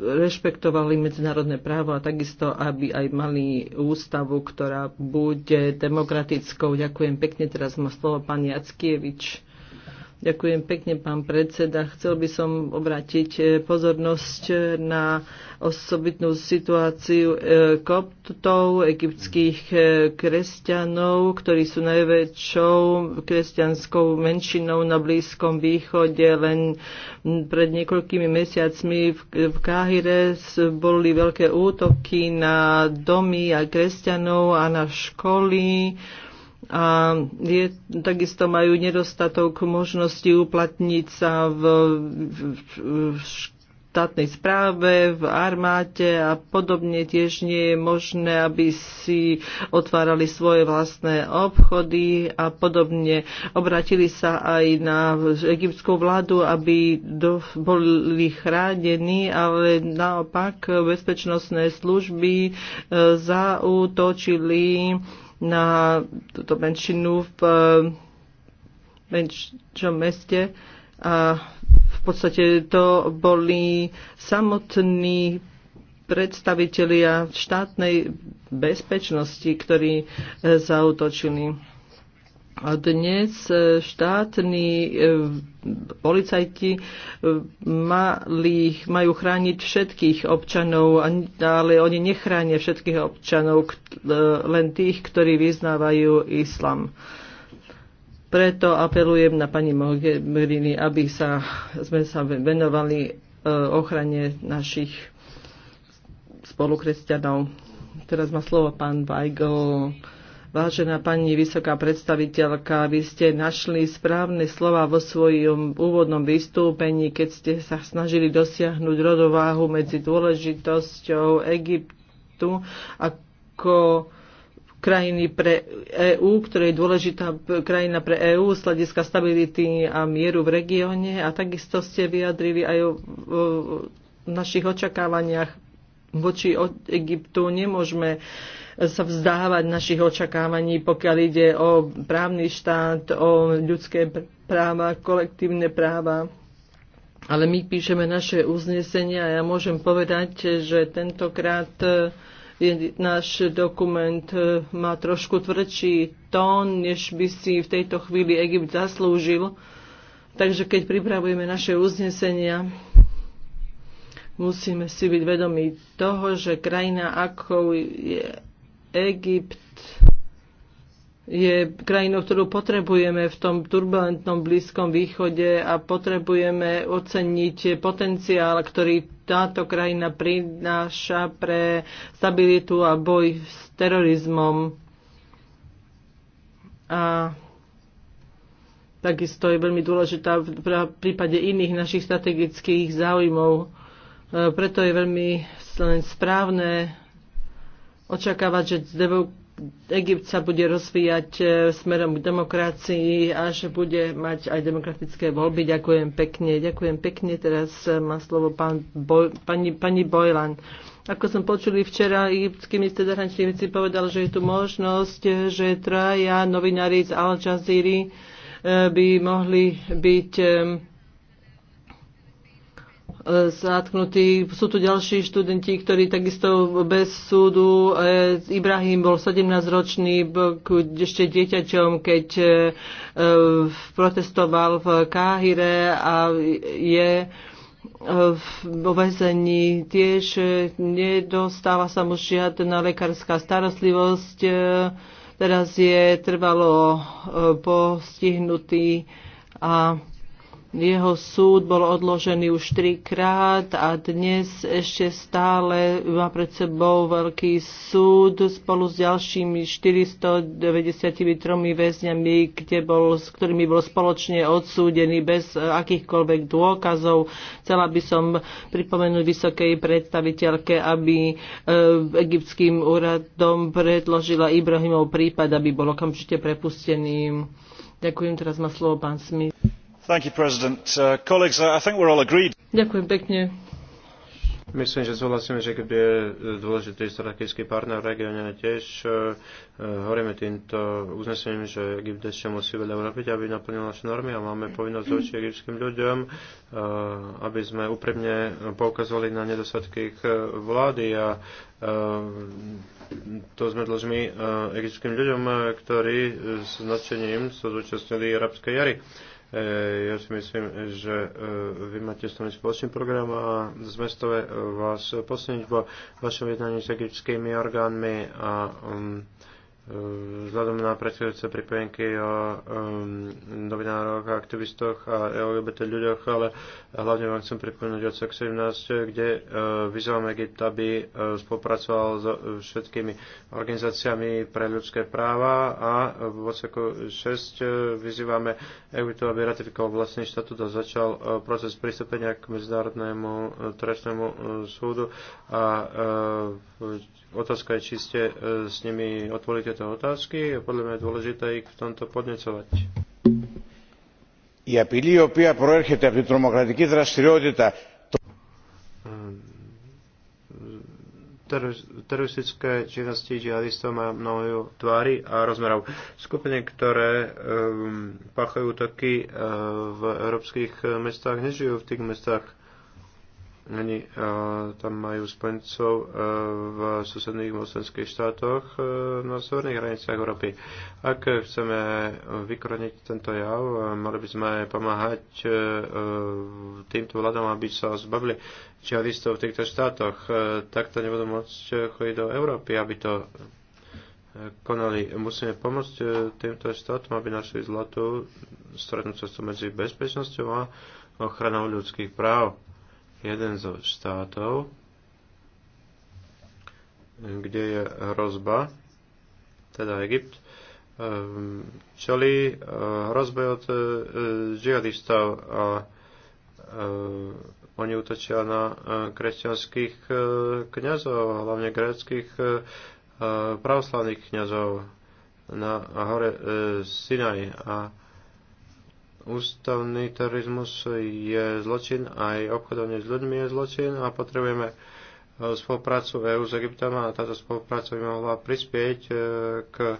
A: rešpektovali medzinárodné právo a takisto, aby aj mali ústavu, ktorá bude demokratickou. Ďakujem pekne. Teraz má slovo pán Jackievič. Ďakujem pekne, pán predseda. Chcel by som obrátiť e, pozornosť e, na osobitnú situáciu e, koptov, egyptských kresťanov, ktorí sú najväčšou kresťanskou menšinou na Blízkom východe. Len pred niekoľkými mesiacmi v Káhire boli veľké útoky na domy a kresťanov a na školy a je, takisto majú nedostatok možnosti uplatniť sa v, v, v štátnej správe, v armáte a podobne tiež nie je možné, aby si otvárali svoje vlastné obchody a podobne. Obratili sa aj na egyptskú vládu, aby do, boli chránení, ale naopak bezpečnostné služby e, zautočili e, na túto menšinu v e, menšom meste a v podstate to boli samotní predstavitelia štátnej bezpečnosti, ktorí e, zautočili dnes e, štátni e, policajti e, mali, majú chrániť všetkých občanov, ale oni nechránia všetkých občanov, len tých, ktorí vyznávajú islam. Preto apelujem na pani Mogherini, aby sa, sme sa venovali ochrane našich spolukresťanov. Teraz má slovo pán Weigl Vážená pani vysoká predstaviteľka, vy ste našli správne slova vo svojom úvodnom vystúpení, keď ste sa snažili dosiahnuť rodováhu medzi dôležitosťou Egyptu ako krajiny pre EÚ, ktorá je dôležitá krajina pre EÚ z hľadiska stability a mieru v regióne a takisto ste vyjadrili aj o, o našich očakávaniach voči Egyptu. Nemôžeme sa vzdávať našich očakávaní, pokiaľ ide o právny štát, o ľudské práva, kolektívne práva. Ale my píšeme naše uznesenia a ja môžem povedať, že tentokrát e, je, náš dokument e, má trošku tvrdší tón, než by si v tejto chvíli Egypt zaslúžil. Takže keď pripravujeme naše uznesenia, musíme si byť vedomí toho, že krajina, ako je Egypt je krajinou, ktorú potrebujeme v tom turbulentnom Blízkom východe a potrebujeme oceniť potenciál, ktorý táto krajina prináša pre stabilitu a boj s terorizmom. A takisto je veľmi dôležitá v prípade iných našich strategických záujmov. E, preto je veľmi len správne očakávať, že Egypt sa bude rozvíjať e, smerom k demokracii a že bude mať aj demokratické voľby. Ďakujem pekne. Ďakujem pekne. Teraz e, má slovo pán Bo, pani, pani Bojlan. Ako som počuli včera, egyptský minister zahraničných vecí povedal, že je tu možnosť, e, že traja novinári z Al Jazeera by mohli byť E, zatknutí. Sú tu ďalší študenti, ktorí takisto bez súdu. E, Ibrahim bol 17-ročný, ešte dieťaťom, keď e, protestoval v Káhire a je vo väzení tiež nedostáva sa mu žiadna lekárska starostlivosť. Teraz je trvalo postihnutý a jeho súd bol odložený už trikrát a dnes ešte stále má pred sebou veľký súd spolu s ďalšími 493 väzňami, kde bol, s ktorými bol spoločne odsúdený bez akýchkoľvek dôkazov. Chcela by som pripomenúť vysokej predstaviteľke, aby e, egyptským úradom predložila Ibrahimov prípad, aby bol okamžite prepustený. Ďakujem, teraz má slovo pán Smith. Uh, Ďakujem pekne.
B: Myslím, že súhlasíme, že keď je dôležitý strategický partner v regióne tiež, uh, uh, hovoríme týmto uznesením, že Egypt ešte musí veľa urobiť, aby naplnil naše normy a máme povinnosť voči egyptským ľuďom, uh, aby sme úprimne poukazovali na nedostatky ich uh, vlády a uh, to sme dlžmi egyptským ľuďom, ktorí s nadšením sa zúčastnili arabskej jary. Eh, ja si myslím, že eh, vy máte s nami spoločný program a zmestové vás posilniť vo vašom jednaní s egyptskými orgánmi a um, vzhľadom na pracujúce pripojenky o um, novinároch a aktivistoch a LGBT ľuďoch, ale hlavne vám chcem pripomenúť odsek 17, kde uh, Egypt, aby uh, spolupracoval s uh, všetkými organizáciami pre ľudské práva a v odseku 6 uh, vyzývame Egyptu, aby ratifikoval vlastný štatút a začal uh, proces pristúpenia k Medzinárodnému uh, trestnému uh, súdu a uh, Otázka je, či ste e, s nimi otvorili tieto otázky. Je Podľa mňa dôležité ich v tomto podnecovať. Η απειλή η οποία προέρχεται από την τρομοκρατική δραστηριότητα teroristické činnosti džihadistov má mnoho tvári a rozmerov. Skupiny, ktoré um, páchajú útoky uh, v európskych mestách, nežijú v tých mestách oni e, tam majú spojencov e, v susedných moslimských štátoch e, na severných hraniciach Európy. Ak chceme vykroniť tento jav, mali by sme pomáhať týmto vládom, aby sa zbavili džihadistov v týchto štátoch. Takto nebudú môcť chodiť do Európy, aby to konali. Musíme pomôcť týmto štátom, aby našli zlatú strednú cestu medzi bezpečnosťou a ochranou ľudských práv jeden zo štátov, kde je hrozba, teda Egypt, ehm, čeli eh, hrozbe od eh, džihadistov a eh, oni utočia na kresťanských kniazov, hlavne gréckých pravoslavných kniazov na hore Sinaj a ústavný terorizmus je zločin, aj obchodovanie s ľuďmi je zločin a potrebujeme e, spoluprácu EÚ s Egyptom a táto spolupráca by mohla prispieť e, k e,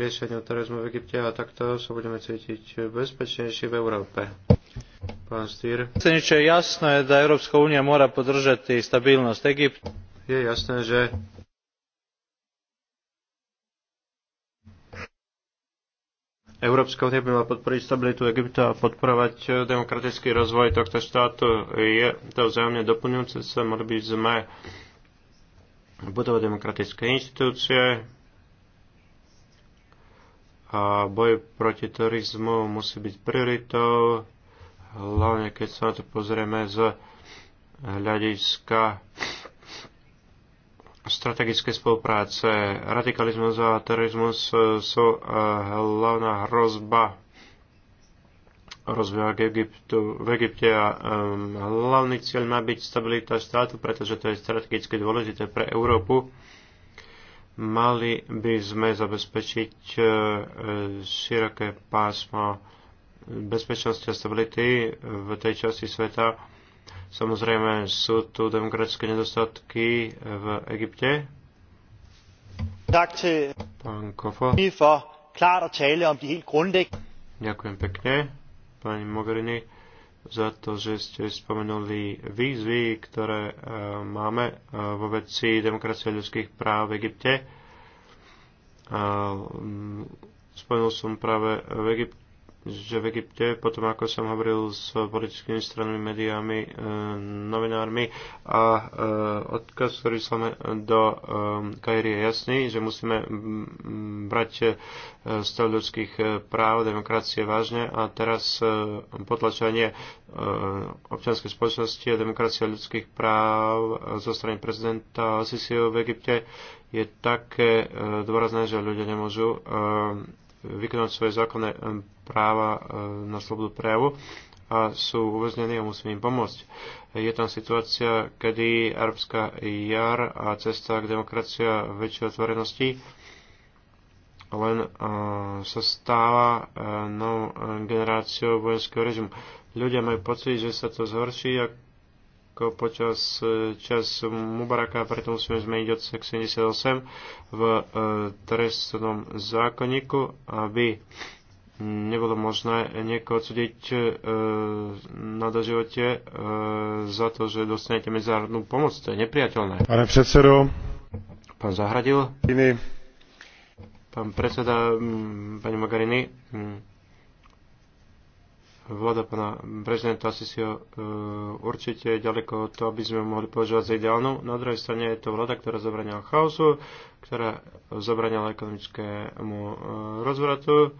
B: riešeniu terorizmu v Egypte a takto sa budeme cítiť bezpečnejšie v Európe. Pán Stýr. Jasné že Európska únia mora podržať stabilnosť Egypta. Je jasné, že Európska únia by mala podporiť stabilitu Egypta a podporovať eh, demokratický rozvoj tohto štátu. Je to vzájomne doplňujúce sa, mali by sme budovať demokratické inštitúcie a boj proti terorizmu musí byť prioritou, hlavne keď sa na to pozrieme z hľadiska strategické spolupráce. Radikalizmus a terorizmus e, sú e, hlavná hrozba rozvoja Egyptu, v Egypte a um, hlavný cieľ má byť stabilita štátu, pretože to je strategicky dôležité pre Európu. Mali by sme zabezpečiť uh, široké pásmo bezpečnosti a stability v tej časti sveta Samozrejme sú tu demokratické nedostatky v Egypte. Tak til Pán Kofo. for klart at tale om de helt grundlæggende. Ďakujem pekne, pani Mogherini, za to, že ste spomenuli výzvy, ktoré e, máme e, vo veci demokracie a ľudských práv v Egypte. Spomenul som práve v Egypte že v Egypte, potom ako som hovoril s politickými stranami, médiami, e, novinármi a e, odkaz, ktorý som do e, Kairie je jasný, že musíme brať stav ľudských práv, demokracie vážne a teraz potlačanie občianskej spoločnosti a demokracia ľudských práv zo strany prezidenta Asisiho v Egypte je také dôrazné, že ľudia nemôžu vykonať svoje zákonné e, práva e, na slobodu prejavu a sú uväznení a musíme im pomôcť. Je tam situácia, kedy arabská jar a cesta k demokracia väčšej otvorenosti len uh, sa stáva uh, novou generáciou vojenského režimu. Ľudia majú pocit, že sa to zhorší, ak ako počas e, čas Mubaraka, preto musíme zmeniť od 78 v e, trestnom zákonníku, aby nebolo možné niekoho odsúdiť e, na doživote za to, že dostanete medzinárodnú pomoc. To je nepriateľné. Pane predsedo. Pán Zahradil. Iný. Pán predseda, pani Magarini vláda pána prezidenta asi si ho, e, určite ďaleko od toho, aby sme mohli považovať za ideálnu. Na druhej strane je to vláda, ktorá zabranila chaosu, ktorá zabranila ekonomickému e, rozvratu, e,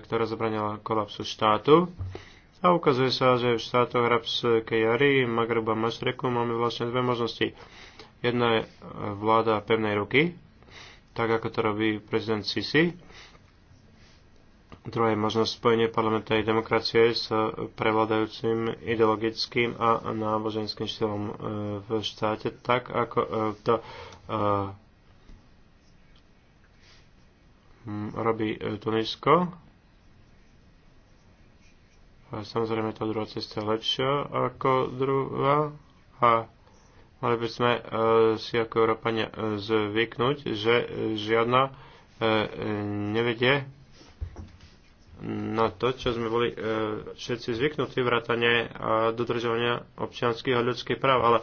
B: ktorá zabranila kolapsu štátu. A ukazuje sa, že v štátoch Arabskej jary, Magreba a Mašreku máme vlastne dve možnosti. Jedna je vláda pevnej ruky, tak ako to robí prezident Sisi, Druhá je možnosť spojenie parlamentnej demokracie s prevládajúcim ideologickým a náboženským štýlom e, v štáte, tak ako e, to e, robí Tunisko. Samozrejme, tá druhá cesta je lepšia ako druhá. A mali by sme si ako Európania zvyknúť, že žiadna nevedie na to, čo sme boli e, všetci zvyknutí, vrátanie a e, dodržovania občianských a ľudských práv. Ale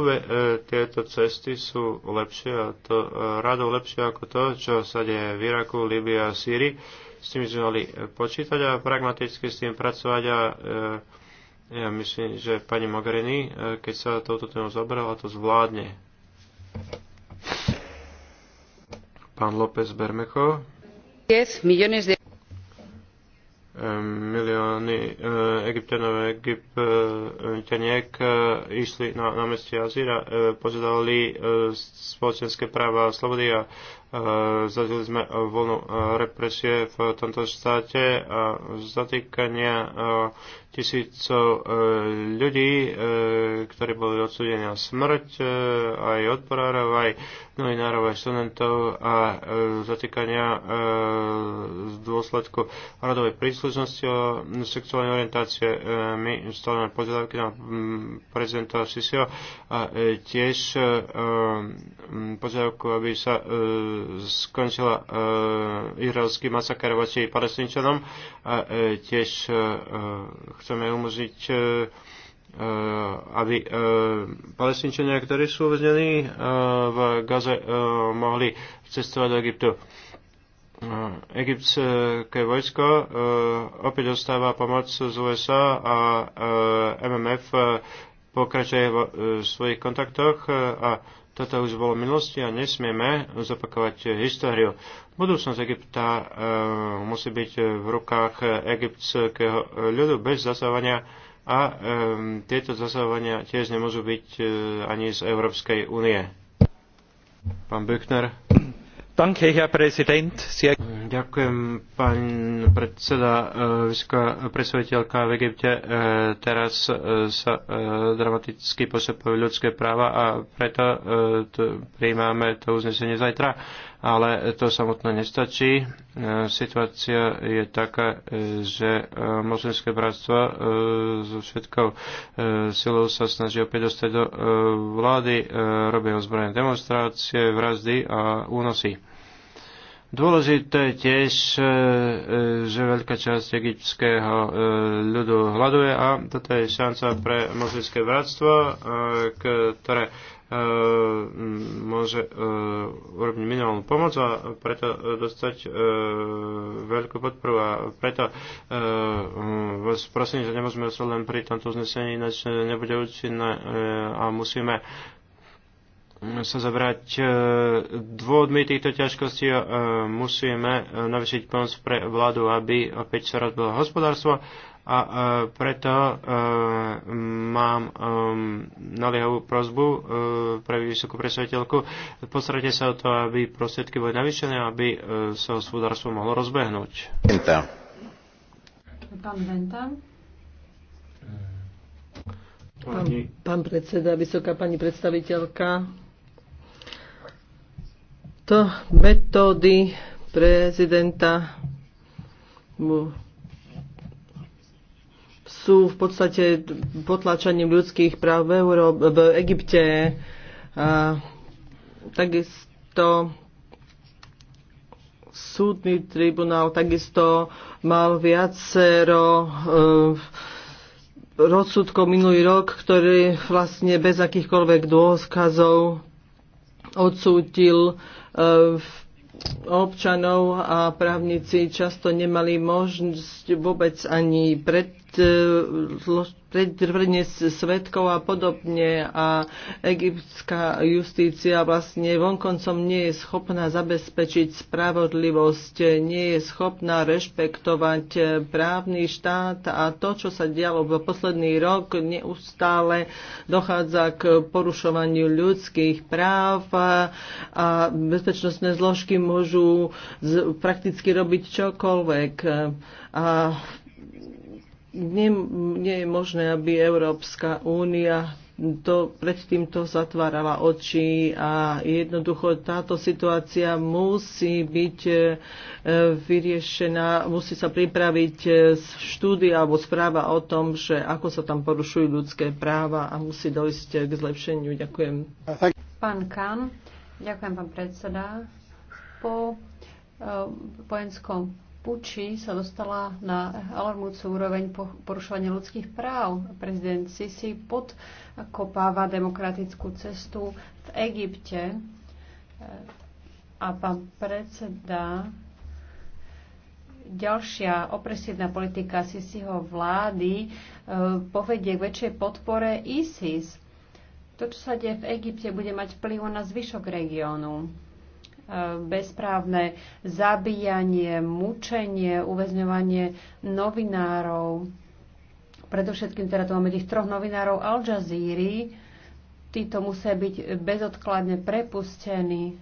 B: obe e, tieto cesty sú lepšie a to rado lepšie ako to, čo sa deje v Iraku, Libii a Sýrii. S tým sme mali počítať a pragmaticky s tým pracovať a ja myslím, že pani Mogherini, keď sa touto tému zobrala, to zvládne. Pán López Bermecho.
C: 10 millones de
B: milióny egyptianov a egyptianiek e, išli na námestie Azira, e, požadovali e, spoločenské práva a slobody a E, Zažili sme e, voľnú e, represie v tomto štáte a zatýkania tisícov ľudí, ktorí boli odsudení na smrť, aj odporárov, aj novinárov, aj študentov a zatýkania z dôsledku rodovej príslušnosti o sexuálnej orientácie. My stavíme požiadavky na prezidenta Sisio a tiež požiadavku, aby sa skončila e, izraelský masakr voči palestinčanom a e, tiež e, chceme umožniť aby palestinčania, ktorí sú uväznení v Gaze, mohli cestovať do Egyptu. Egyptské vojsko opäť dostáva pomoc z USA a MMF pokračuje v svojich kontaktoch a toto už bolo v minulosti a nesmieme zopakovať históriu. Budúcnosť Egypta e, musí byť v rukách egyptského ľudu bez zasávania a e, tieto zasávania tiež nemôžu byť e, ani z Európskej únie. Pán Büchner. Ďakujem, pán predseda. Eh, vysoká predstaviteľka v Egypte eh, teraz eh, sa dramaticky posepujú ľudské práva a preto prijímame to uznesenie zajtra ale to samotné nestačí. E, situácia je taká, e, že e, moslimské bratstvo so všetkou silou sa snaží opäť dostať do vlády, robia ozbrojené demonstrácie, vrazdy a únosy. Dôležité je tiež, že veľká časť egyptského ľudu hľaduje a toto je šanca pre moslimské bratstvo, ktoré E, môže e, urobiť minimálnu pomoc a preto dostať e, veľkú podporu a preto hm, vás prosím, že nemôžeme sa len pri tomto uznesení, ináč nebude účinné a musíme sa zabrať e, dôvodmi týchto ťažkostí e, musíme e, navýšiť pomoc pre vládu, aby opäť sa rozbilo hospodárstvo a preto mám naliehavú prozbu pre vysokú predstaviteľku. Postarajte sa o to, aby prostriedky boli navýšené, aby sa hospodárstvo mohlo rozbehnúť. Venta.
A: Pán Venta. Pán, pán predseda, vysoká pani predstaviteľka, to metódy prezidenta sú v podstate potlačaním ľudských práv v, Euró- v Egypte. A takisto súdny tribunál takisto mal viacero e, rozsudkov minulý rok, ktorý vlastne bez akýchkoľvek dôkazov odsúdil Eh, občanov a právnici často nemali možnosť vôbec ani pred predvrne svetkov a podobne a egyptská justícia vlastne vonkoncom nie je schopná zabezpečiť spravodlivosť, nie je schopná rešpektovať právny štát a to, čo sa dialo v posledný rok, neustále dochádza k porušovaniu ľudských práv a bezpečnostné zložky môžu prakticky robiť čokoľvek. A nie, nie je možné, aby Európska únia to, predtým to zatvárala oči a jednoducho táto situácia musí byť e, vyriešená, musí sa pripraviť e, štúdia alebo správa o tom, že ako sa tam porušujú ľudské práva a musí dojsť k zlepšeniu. Ďakujem. Pán
C: Kan, ďakujem pán predseda. Po e, vojenskom puči sa dostala na alarmujúcu úroveň porušovania ľudských práv. Prezident Sisi podkopáva demokratickú cestu v Egypte a pán predseda ďalšia opresívna politika Sisiho vlády e, povedie k väčšej podpore ISIS. To, čo sa deje v Egypte, bude mať vplyv na zvyšok regiónu bezprávne zabíjanie, mučenie, uväzňovanie novinárov. Predovšetkým teda tu máme tých troch novinárov Al Jazeera. Títo musia byť bezodkladne prepustení.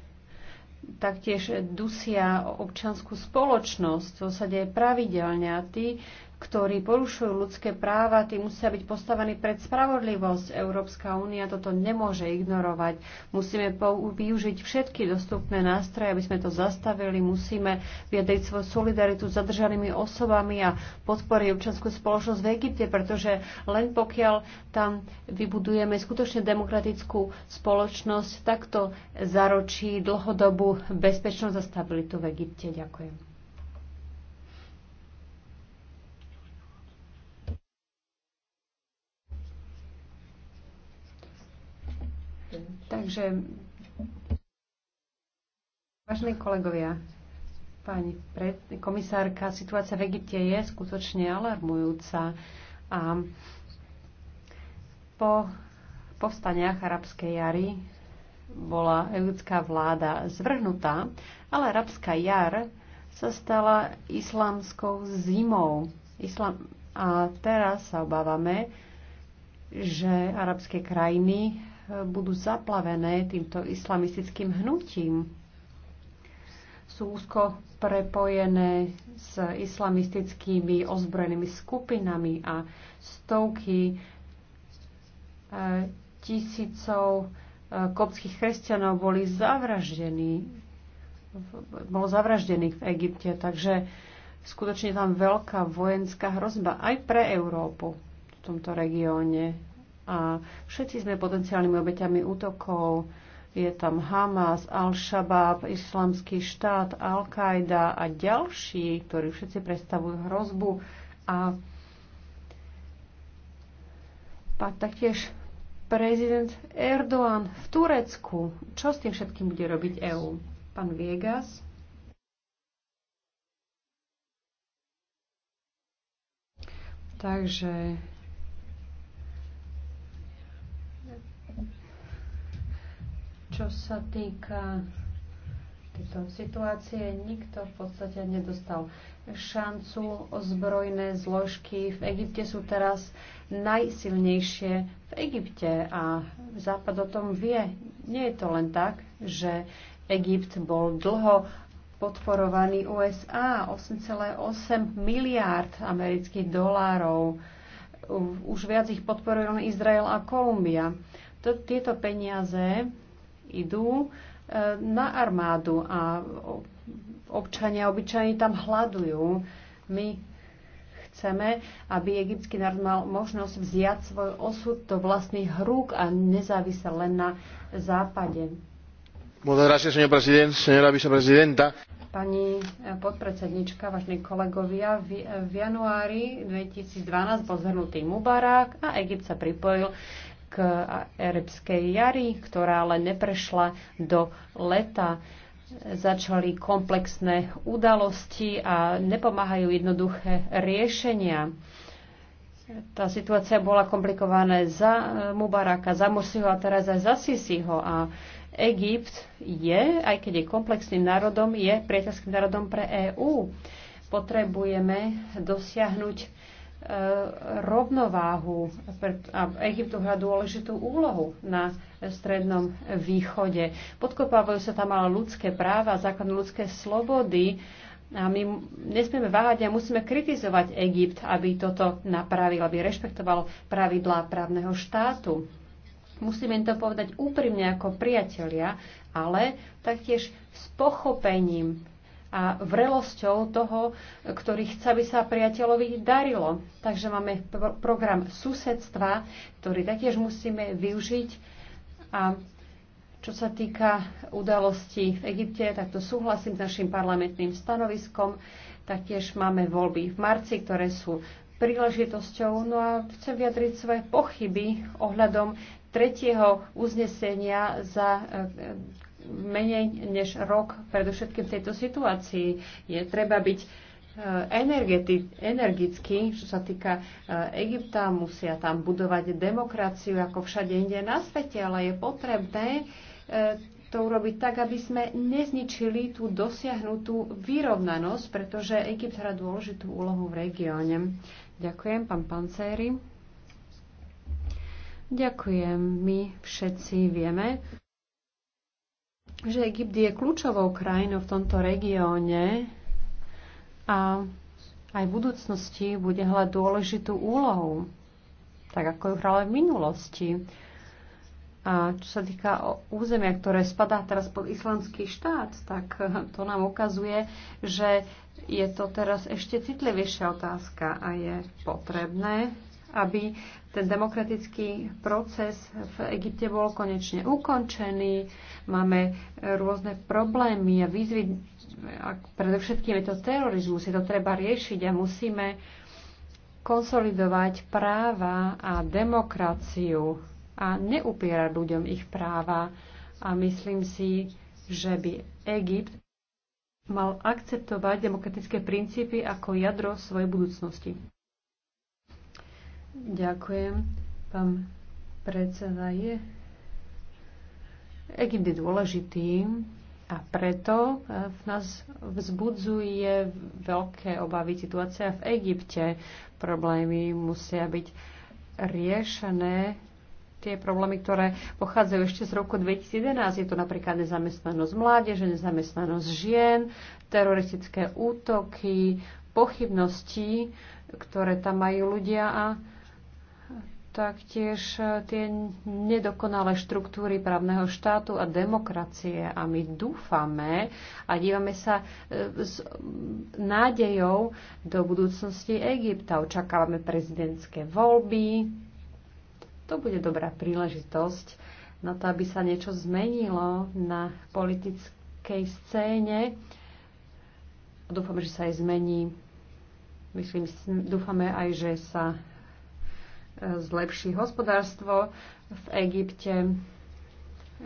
C: Taktiež dusia občanskú spoločnosť. To sa deje pravidelne a tí ktorí porušujú ľudské práva, tí musia byť postavení pred spravodlivosť. Európska únia toto nemôže ignorovať. Musíme využiť všetky dostupné nástroje, aby sme to zastavili. Musíme viedeť svoju solidaritu s zadržanými osobami a podporiť občanskú spoločnosť v Egypte, pretože len pokiaľ tam vybudujeme skutočne demokratickú spoločnosť, takto zaročí dlhodobú bezpečnosť a stabilitu v Egypte. Ďakujem. Takže, vážení kolegovia, pani pred, komisárka, situácia v Egypte je skutočne alarmujúca a po povstaniach arabskej jary bola egyptská vláda zvrhnutá, ale arabská jar sa stala islamskou zimou. Islam... A teraz sa obávame, že arabské krajiny budú zaplavené týmto islamistickým hnutím. Sú úzko prepojené s islamistickými ozbrojenými skupinami a stovky e, tisícov e, kopských kresťanov boli zavraždení, Bol zavraždených v Egypte, takže skutočne tam veľká vojenská hrozba aj pre Európu v tomto regióne a všetci sme potenciálnymi obeťami útokov. Je tam Hamas, Al-Shabaab, Islamský štát, Al-Qaida a ďalší, ktorí všetci predstavujú hrozbu. A, taktiež prezident Erdoğan v Turecku. Čo s tým všetkým bude robiť EÚ? Pán Viegas. Takže Čo sa týka tejto situácie, nikto v podstate nedostal šancu. Zbrojné zložky v Egypte sú teraz najsilnejšie v Egypte a Západ o tom vie. Nie je to len tak, že Egypt bol dlho podporovaný USA 8,8 miliárd amerických dolárov. Už viac ich podporujú len Izrael a Kolumbia. Tieto peniaze idú e, na armádu a občania obyčajní tam hľadujú. My chceme, aby egyptský národ mal možnosť vziať svoj osud do vlastných rúk a nezávisel len na západe. Pani e, podpredsednička, vážni kolegovia, v, e, v januári 2012 bol zhrnutý Mubarak a Egypt sa pripojil k arabskej jari, ktorá ale neprešla do leta. Začali komplexné udalosti a nepomáhajú jednoduché riešenia. Tá situácia bola komplikovaná za Mubaraka, za Mursiho a teraz aj za Sisiho. A Egypt je, aj keď je komplexným národom, je priateľským národom pre EÚ. Potrebujeme dosiahnuť rovnováhu a Egypt hrá dôležitú úlohu na Strednom východe. Podkopávajú sa tam ale ľudské práva, základné ľudské slobody a my nesmieme váhať a musíme kritizovať Egypt, aby toto napravil, aby rešpektovalo pravidlá právneho štátu. Musíme im to povedať úprimne ako priatelia, ale taktiež s pochopením a vrelosťou toho, ktorý chce, aby sa priateľovi darilo. Takže máme pro- program susedstva, ktorý taktiež musíme využiť. A čo sa týka udalostí v Egypte, tak to súhlasím s našim parlamentným stanoviskom. Taktiež máme voľby v marci, ktoré sú príležitosťou. No a chcem vyjadriť svoje pochyby ohľadom tretieho uznesenia za e, menej než rok predovšetkým v tejto situácii. Je treba byť eh, energicky. čo sa týka eh, Egypta, musia tam budovať demokraciu ako všade inde na svete, ale je potrebné eh, to urobiť tak, aby sme nezničili tú dosiahnutú vyrovnanosť, pretože Egypt hrá dôležitú úlohu v regióne. Ďakujem, pán Pancéry. Ďakujem, my všetci vieme, že Egypt je kľúčovou krajinou v tomto regióne a aj v budúcnosti bude hľať dôležitú úlohu, tak ako ju hrala v minulosti. A čo sa týka územia, ktoré spadá teraz pod islamský štát, tak to nám ukazuje, že je to teraz ešte citlivejšia otázka a je potrebné aby ten demokratický proces v Egypte bol konečne ukončený. Máme rôzne problémy a výzvy, a predovšetkým je to terorizmus, je to treba riešiť a musíme konsolidovať práva a demokraciu a neupierať ľuďom ich práva. A myslím si, že by Egypt mal akceptovať demokratické princípy ako jadro svojej budúcnosti. Ďakujem. Pán predseda je. Egypt je dôležitý a preto e, v nás vzbudzuje veľké obavy situácia v Egypte. Problémy musia byť riešené tie problémy, ktoré pochádzajú ešte z roku 2011. Je to napríklad nezamestnanosť mládeže, nezamestnanosť žien, teroristické útoky, pochybnosti, ktoré tam majú ľudia a taktiež e, tie nedokonalé štruktúry právneho štátu a demokracie. A my dúfame a dívame sa e, s nádejou do budúcnosti Egypta. Očakávame prezidentské voľby. To bude dobrá príležitosť na to, aby sa niečo zmenilo na politickej scéne. Dúfame, že sa aj zmení. Myslím, dúfame aj, že sa zlepší hospodárstvo v Egypte,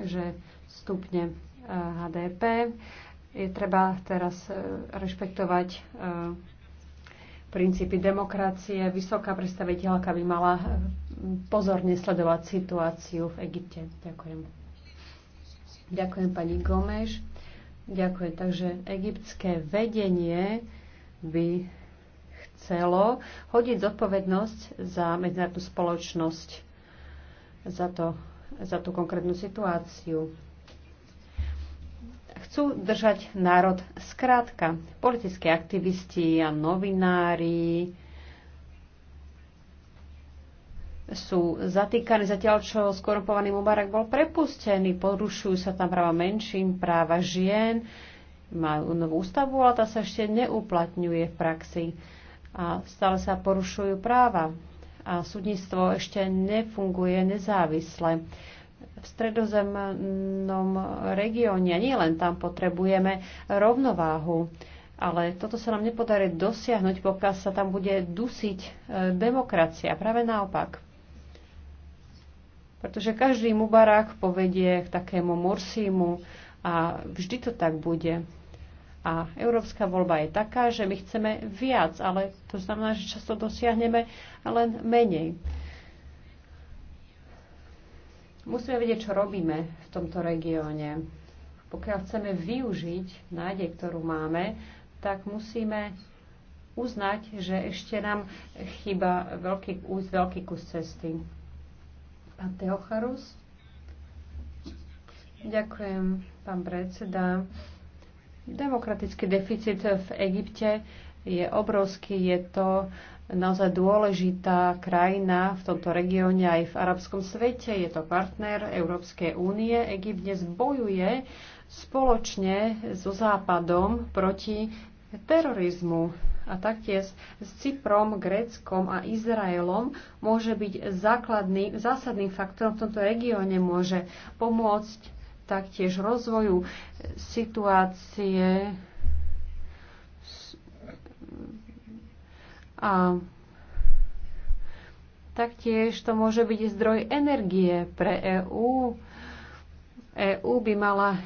C: že stupne e, HDP. Je treba teraz e, rešpektovať e, princípy demokracie. Vysoká predstaviteľka by mala pozorne sledovať situáciu v Egypte. Ďakujem. Ďakujem pani Gomeš. Ďakujem. Takže egyptské vedenie by chcelo hodiť zodpovednosť za medzinárodnú spoločnosť, za, to, za tú konkrétnu situáciu. Chcú držať národ zkrátka Politickí aktivisti a novinári, sú zatýkaní, zatiaľ čo skorumpovaný Mubarak bol prepustený, porušujú sa tam práva menšín, práva žien, majú novú ústavu, ale tá sa ešte neuplatňuje v praxi a stále sa porušujú práva a súdnictvo ešte nefunguje nezávisle. V stredozemnom regióne nie len tam potrebujeme rovnováhu, ale toto sa nám nepodarí dosiahnuť, pokiaľ sa tam bude dusiť e, demokracia. Práve naopak. Pretože každý Mubarak povedie k takému morsímu a vždy to tak bude. A európska voľba je taká, že my chceme viac, ale to znamená, že často dosiahneme len menej. Musíme vedieť, čo robíme v tomto regióne. Pokiaľ chceme využiť nádej, ktorú máme, tak musíme uznať, že ešte nám chyba veľký, kus, veľký kus cesty. Pán Teocharus? Ďakujem, pán predseda. Demokratický deficit v Egypte je obrovský. Je to naozaj dôležitá krajina v tomto regióne aj v arabskom svete. Je to partner Európskej únie. Egypt dnes bojuje spoločne so Západom proti terorizmu a taktiež s Cyprom, Gréckom a Izraelom môže byť základný, zásadným faktorom v tomto regióne môže pomôcť taktiež rozvoju situácie a taktiež to môže byť zdroj energie pre EÚ. EÚ by mala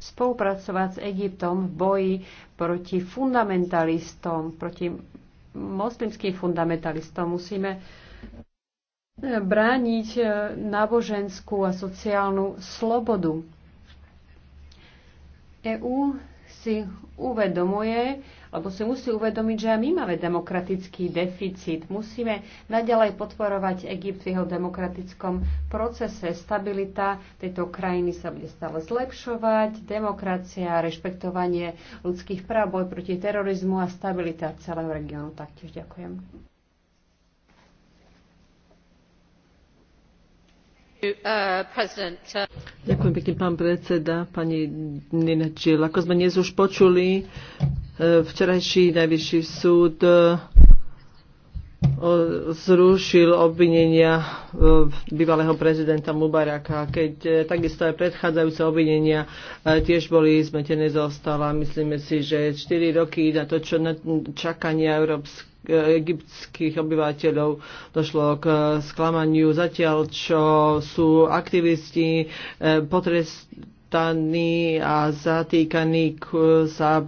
C: spolupracovať s Egyptom v boji proti fundamentalistom, proti moslimským fundamentalistom. Musíme brániť e, náboženskú a sociálnu slobodu. EÚ si uvedomuje, alebo si musí uvedomiť, že my máme demokratický deficit. Musíme naďalej podporovať Egypt v jeho demokratickom procese. Stabilita tejto krajiny sa bude stále zlepšovať, demokracia, rešpektovanie ľudských práv, boj proti terorizmu a stabilita celého regiónu. Taktiež ďakujem.
A: Ďakujem pán predseda, pani Ako sme dnes už počuli, e, včerajší najvyšší súd e, zrušil obvinenia e, bývalého prezidenta Mubaraka, keď takisto aj predchádzajúce obvinenia tiež boli zmetené zostala. Myslíme si, že 4 roky na to, čo čakania Európska egyptských obyvateľov. Došlo k eh, sklamaniu zatiaľ, čo sú aktivisti eh, potrestaní a zatýkaní sa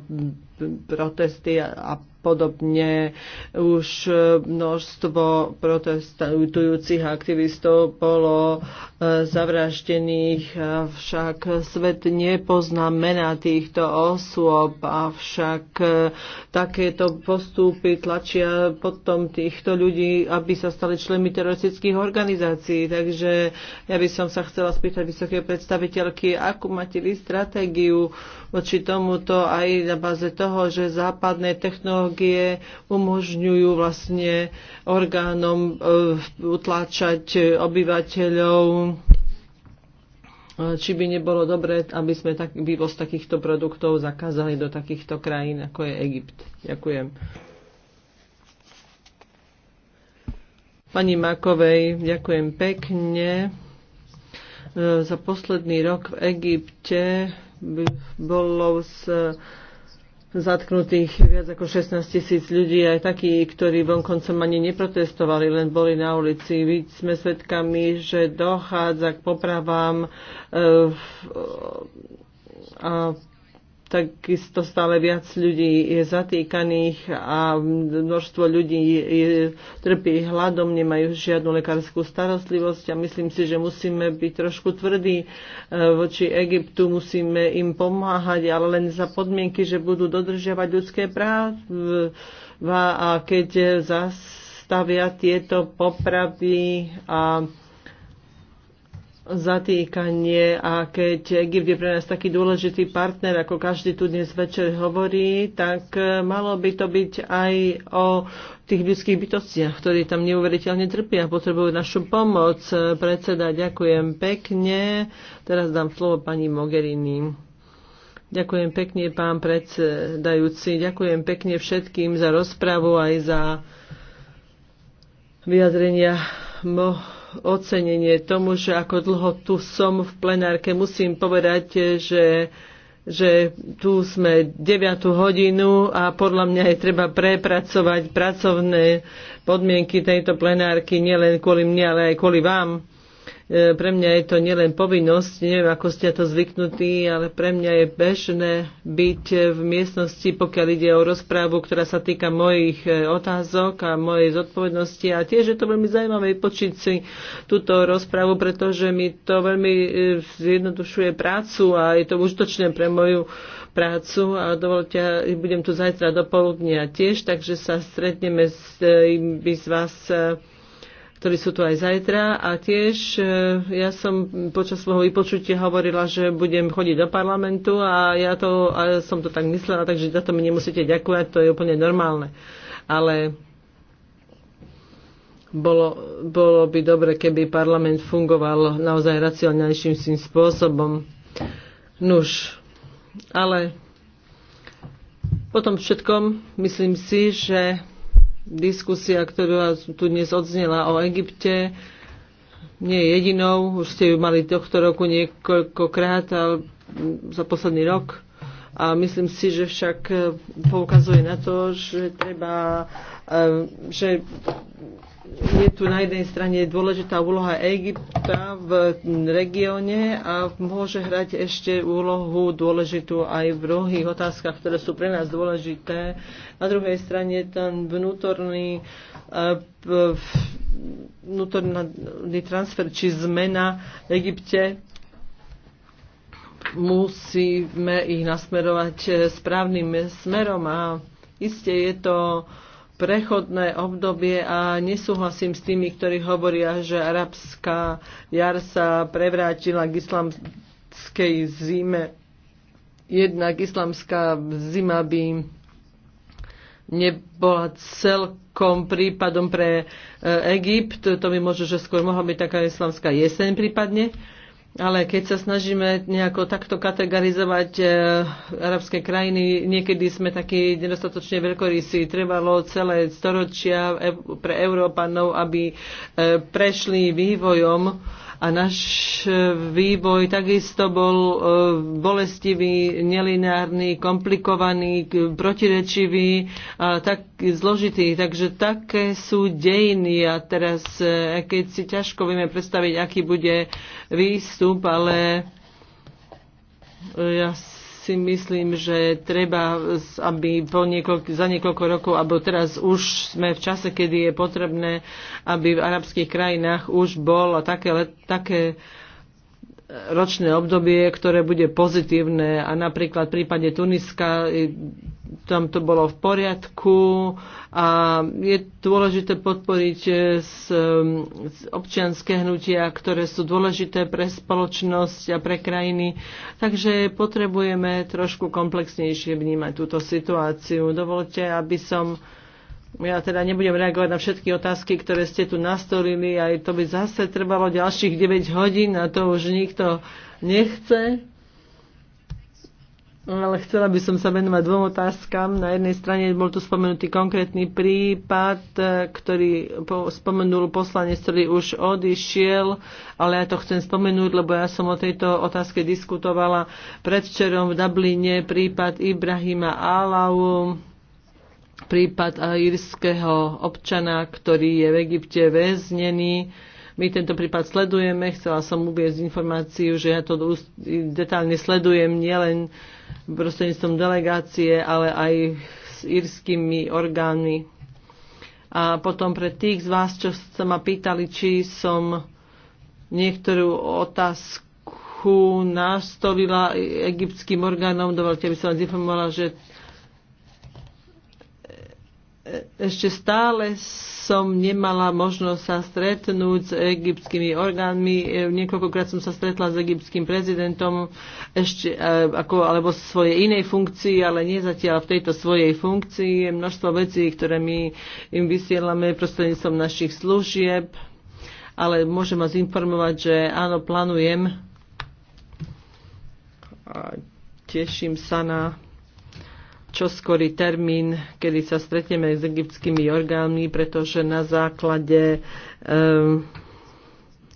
A: protesty a podobne. Už e, množstvo protestujúcich aktivistov bolo e, zavraždených, avšak svet nepozná mená týchto osôb, avšak e, takéto postupy tlačia potom týchto ľudí, aby sa stali členmi teroristických organizácií. Takže ja by som sa chcela spýtať vysoké predstaviteľky, akú máte vy stratégiu voči tomuto aj na baze toho, že západné technológie technológie umožňujú vlastne orgánom eh, utláčať eh, obyvateľov eh, či by nebolo dobré, aby sme tak, vývoz takýchto produktov zakázali do takýchto krajín, ako je Egypt. Ďakujem. Pani Makovej, ďakujem pekne. Za posledný rok v Egypte bolo z zatknutých viac ako 16 tisíc ľudí, aj takí, ktorí vonkoncom ani neprotestovali, len boli na ulici. My sme svedkami, že dochádza k popravám eh, a takisto stále viac ľudí je zatýkaných a množstvo ľudí je, trpí hladom, nemajú žiadnu lekárskú starostlivosť a myslím si, že musíme byť trošku tvrdí eh, voči Egyptu, musíme im pomáhať, ale len za podmienky, že budú dodržiavať ľudské práva a keď zastavia tieto popravy a zatýkanie a keď Egypt je pre nás taký dôležitý partner, ako každý tu dnes večer hovorí, tak eh, malo by to byť aj o tých ľudských bytostiach, ktorí tam neuveriteľne trpia a potrebujú našu pomoc. Predseda, ďakujem pekne. Teraz dám slovo pani Mogherini. Ďakujem pekne, pán predsedajúci. Ďakujem pekne všetkým za rozpravu aj za vyjadrenia mo ocenenie tomu, že ako dlho tu som v plenárke, musím povedať, že že tu sme 9 hodinu a podľa mňa je treba prepracovať pracovné podmienky tejto plenárky nielen kvôli mne, ale aj kvôli vám. E, pre mňa je to nielen povinnosť, neviem, ako ste to zvyknutí, ale pre mňa je bežné byť v miestnosti, pokiaľ ide o rozprávu, ktorá sa týka mojich e, otázok a mojej zodpovednosti. A tiež je to veľmi zaujímavé počiť si túto rozprávu, pretože mi to veľmi e, zjednodušuje prácu a je to užitočné pre moju prácu a dovolte, budem tu zajtra do poludnia tiež, takže sa stretneme s, by z vás ktorí sú tu aj zajtra. A tiež e, ja som počas svojho vypočutia hovorila, že budem chodiť do parlamentu a ja, to, a som to tak myslela, takže za to mi nemusíte ďakovať, to je úplne normálne. Ale bolo, bolo by dobre, keby parlament fungoval naozaj racionálnejším spôsobom. Nuž, ale po tom všetkom myslím si, že Diskusia, ktorá tu dnes odznela o Egypte, nie je jedinou. Už ste ju mali tohto roku niekoľkokrát za posledný rok. A myslím si, že však e, poukazuje na to, že treba, e, že je tu na jednej strane dôležitá úloha Egypta v regióne a môže hrať ešte úlohu dôležitú aj v mnohých otázkach, ktoré sú pre nás dôležité. Na druhej strane ten vnútorný, e, vnútorný transfer či zmena v Egypte musíme ich nasmerovať eh, správnym smerom a iste je to prechodné obdobie a nesúhlasím s tými, ktorí hovoria, že arabská jar sa prevrátila k islamskej zime. Jednak islamská zima by nebola celkom prípadom pre eh, Egypt. To by možno, že skôr mohla byť taká islamská jeseň prípadne. Uh, ale keď sa snažíme nejako takto kategorizovať e, arabské krajiny, niekedy sme takí nedostatočne veľkorysí. Trebalo celé storočia e, pre Európanov, aby e, prešli vývojom a náš vývoj takisto bol e, bolestivý, nelineárny, komplikovaný, protirečivý a tak zložitý. Takže také sú dejiny a teraz, e, keď si ťažko vieme predstaviť, aký bude výstup, ale e, ja si myslím, že treba, aby po niekoľko, za niekoľko rokov, alebo teraz už sme v čase, kedy je potrebné, aby v arabských krajinách už bolo také, také ročné obdobie, ktoré bude pozitívne a napríklad v prípade Tuniska tam to bolo v poriadku a je dôležité podporiť z, e, z e, občianské hnutia, ktoré sú dôležité pre spoločnosť a pre krajiny. Takže potrebujeme trošku komplexnejšie vnímať túto situáciu. Dovolte, aby som ja teda nebudem reagovať na všetky otázky, ktoré ste tu nastolili, aj to by zase trvalo ďalších 9 hodín a to už nikto nechce. Ale chcela by som sa venovať dvom otázkam. Na jednej strane bol tu spomenutý konkrétny prípad, ktorý spomenul poslanec, ktorý už odišiel, ale ja to chcem spomenúť, lebo ja som o tejto otázke diskutovala predvčerom v Dubline prípad Ibrahima Alawu prípad írskeho občana, ktorý je v Egypte väznený. My tento prípad sledujeme. Chcela som uvieť informáciu, že ja to detálne sledujem nielen prostredníctvom delegácie, ale aj s írskymi orgánmi. A potom pre tých z vás, čo sa ma pýtali, či som niektorú otázku nastolila egyptským orgánom, dovolte, aby som vás informovala, že ešte stále som nemala možnosť sa stretnúť s egyptskými orgánmi. E, niekoľkokrát som sa stretla s egyptským prezidentom ešte, e, ako, alebo v svojej inej funkcii, ale nie zatiaľ v tejto svojej funkcii. Je množstvo vecí, ktoré my im vysielame prostredníctvom našich služieb. Ale môžem vás informovať, že áno, plánujem. A teším sa na čoskorý termín, kedy sa stretneme s egyptskými orgánmi, pretože na základe um,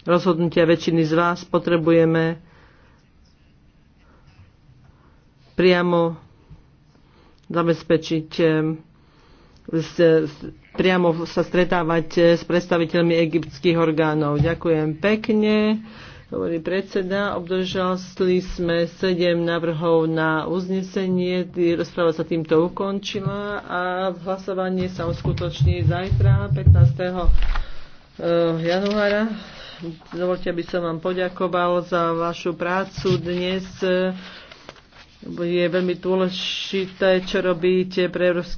A: rozhodnutia väčšiny z vás potrebujeme priamo zabezpečiť ehm, priamo sa stretávať s predstaviteľmi egyptských orgánov. Ďakujem pekne hovorí predseda. Obdržali sme sedem návrhov na uznesenie. Rozpráva sa týmto ukončila a hlasovanie sa uskutoční zajtra 15. Eh, januára. Dovolte, aby som vám poďakoval za vašu prácu dnes. Je veľmi dôležité, čo robíte pre Európsky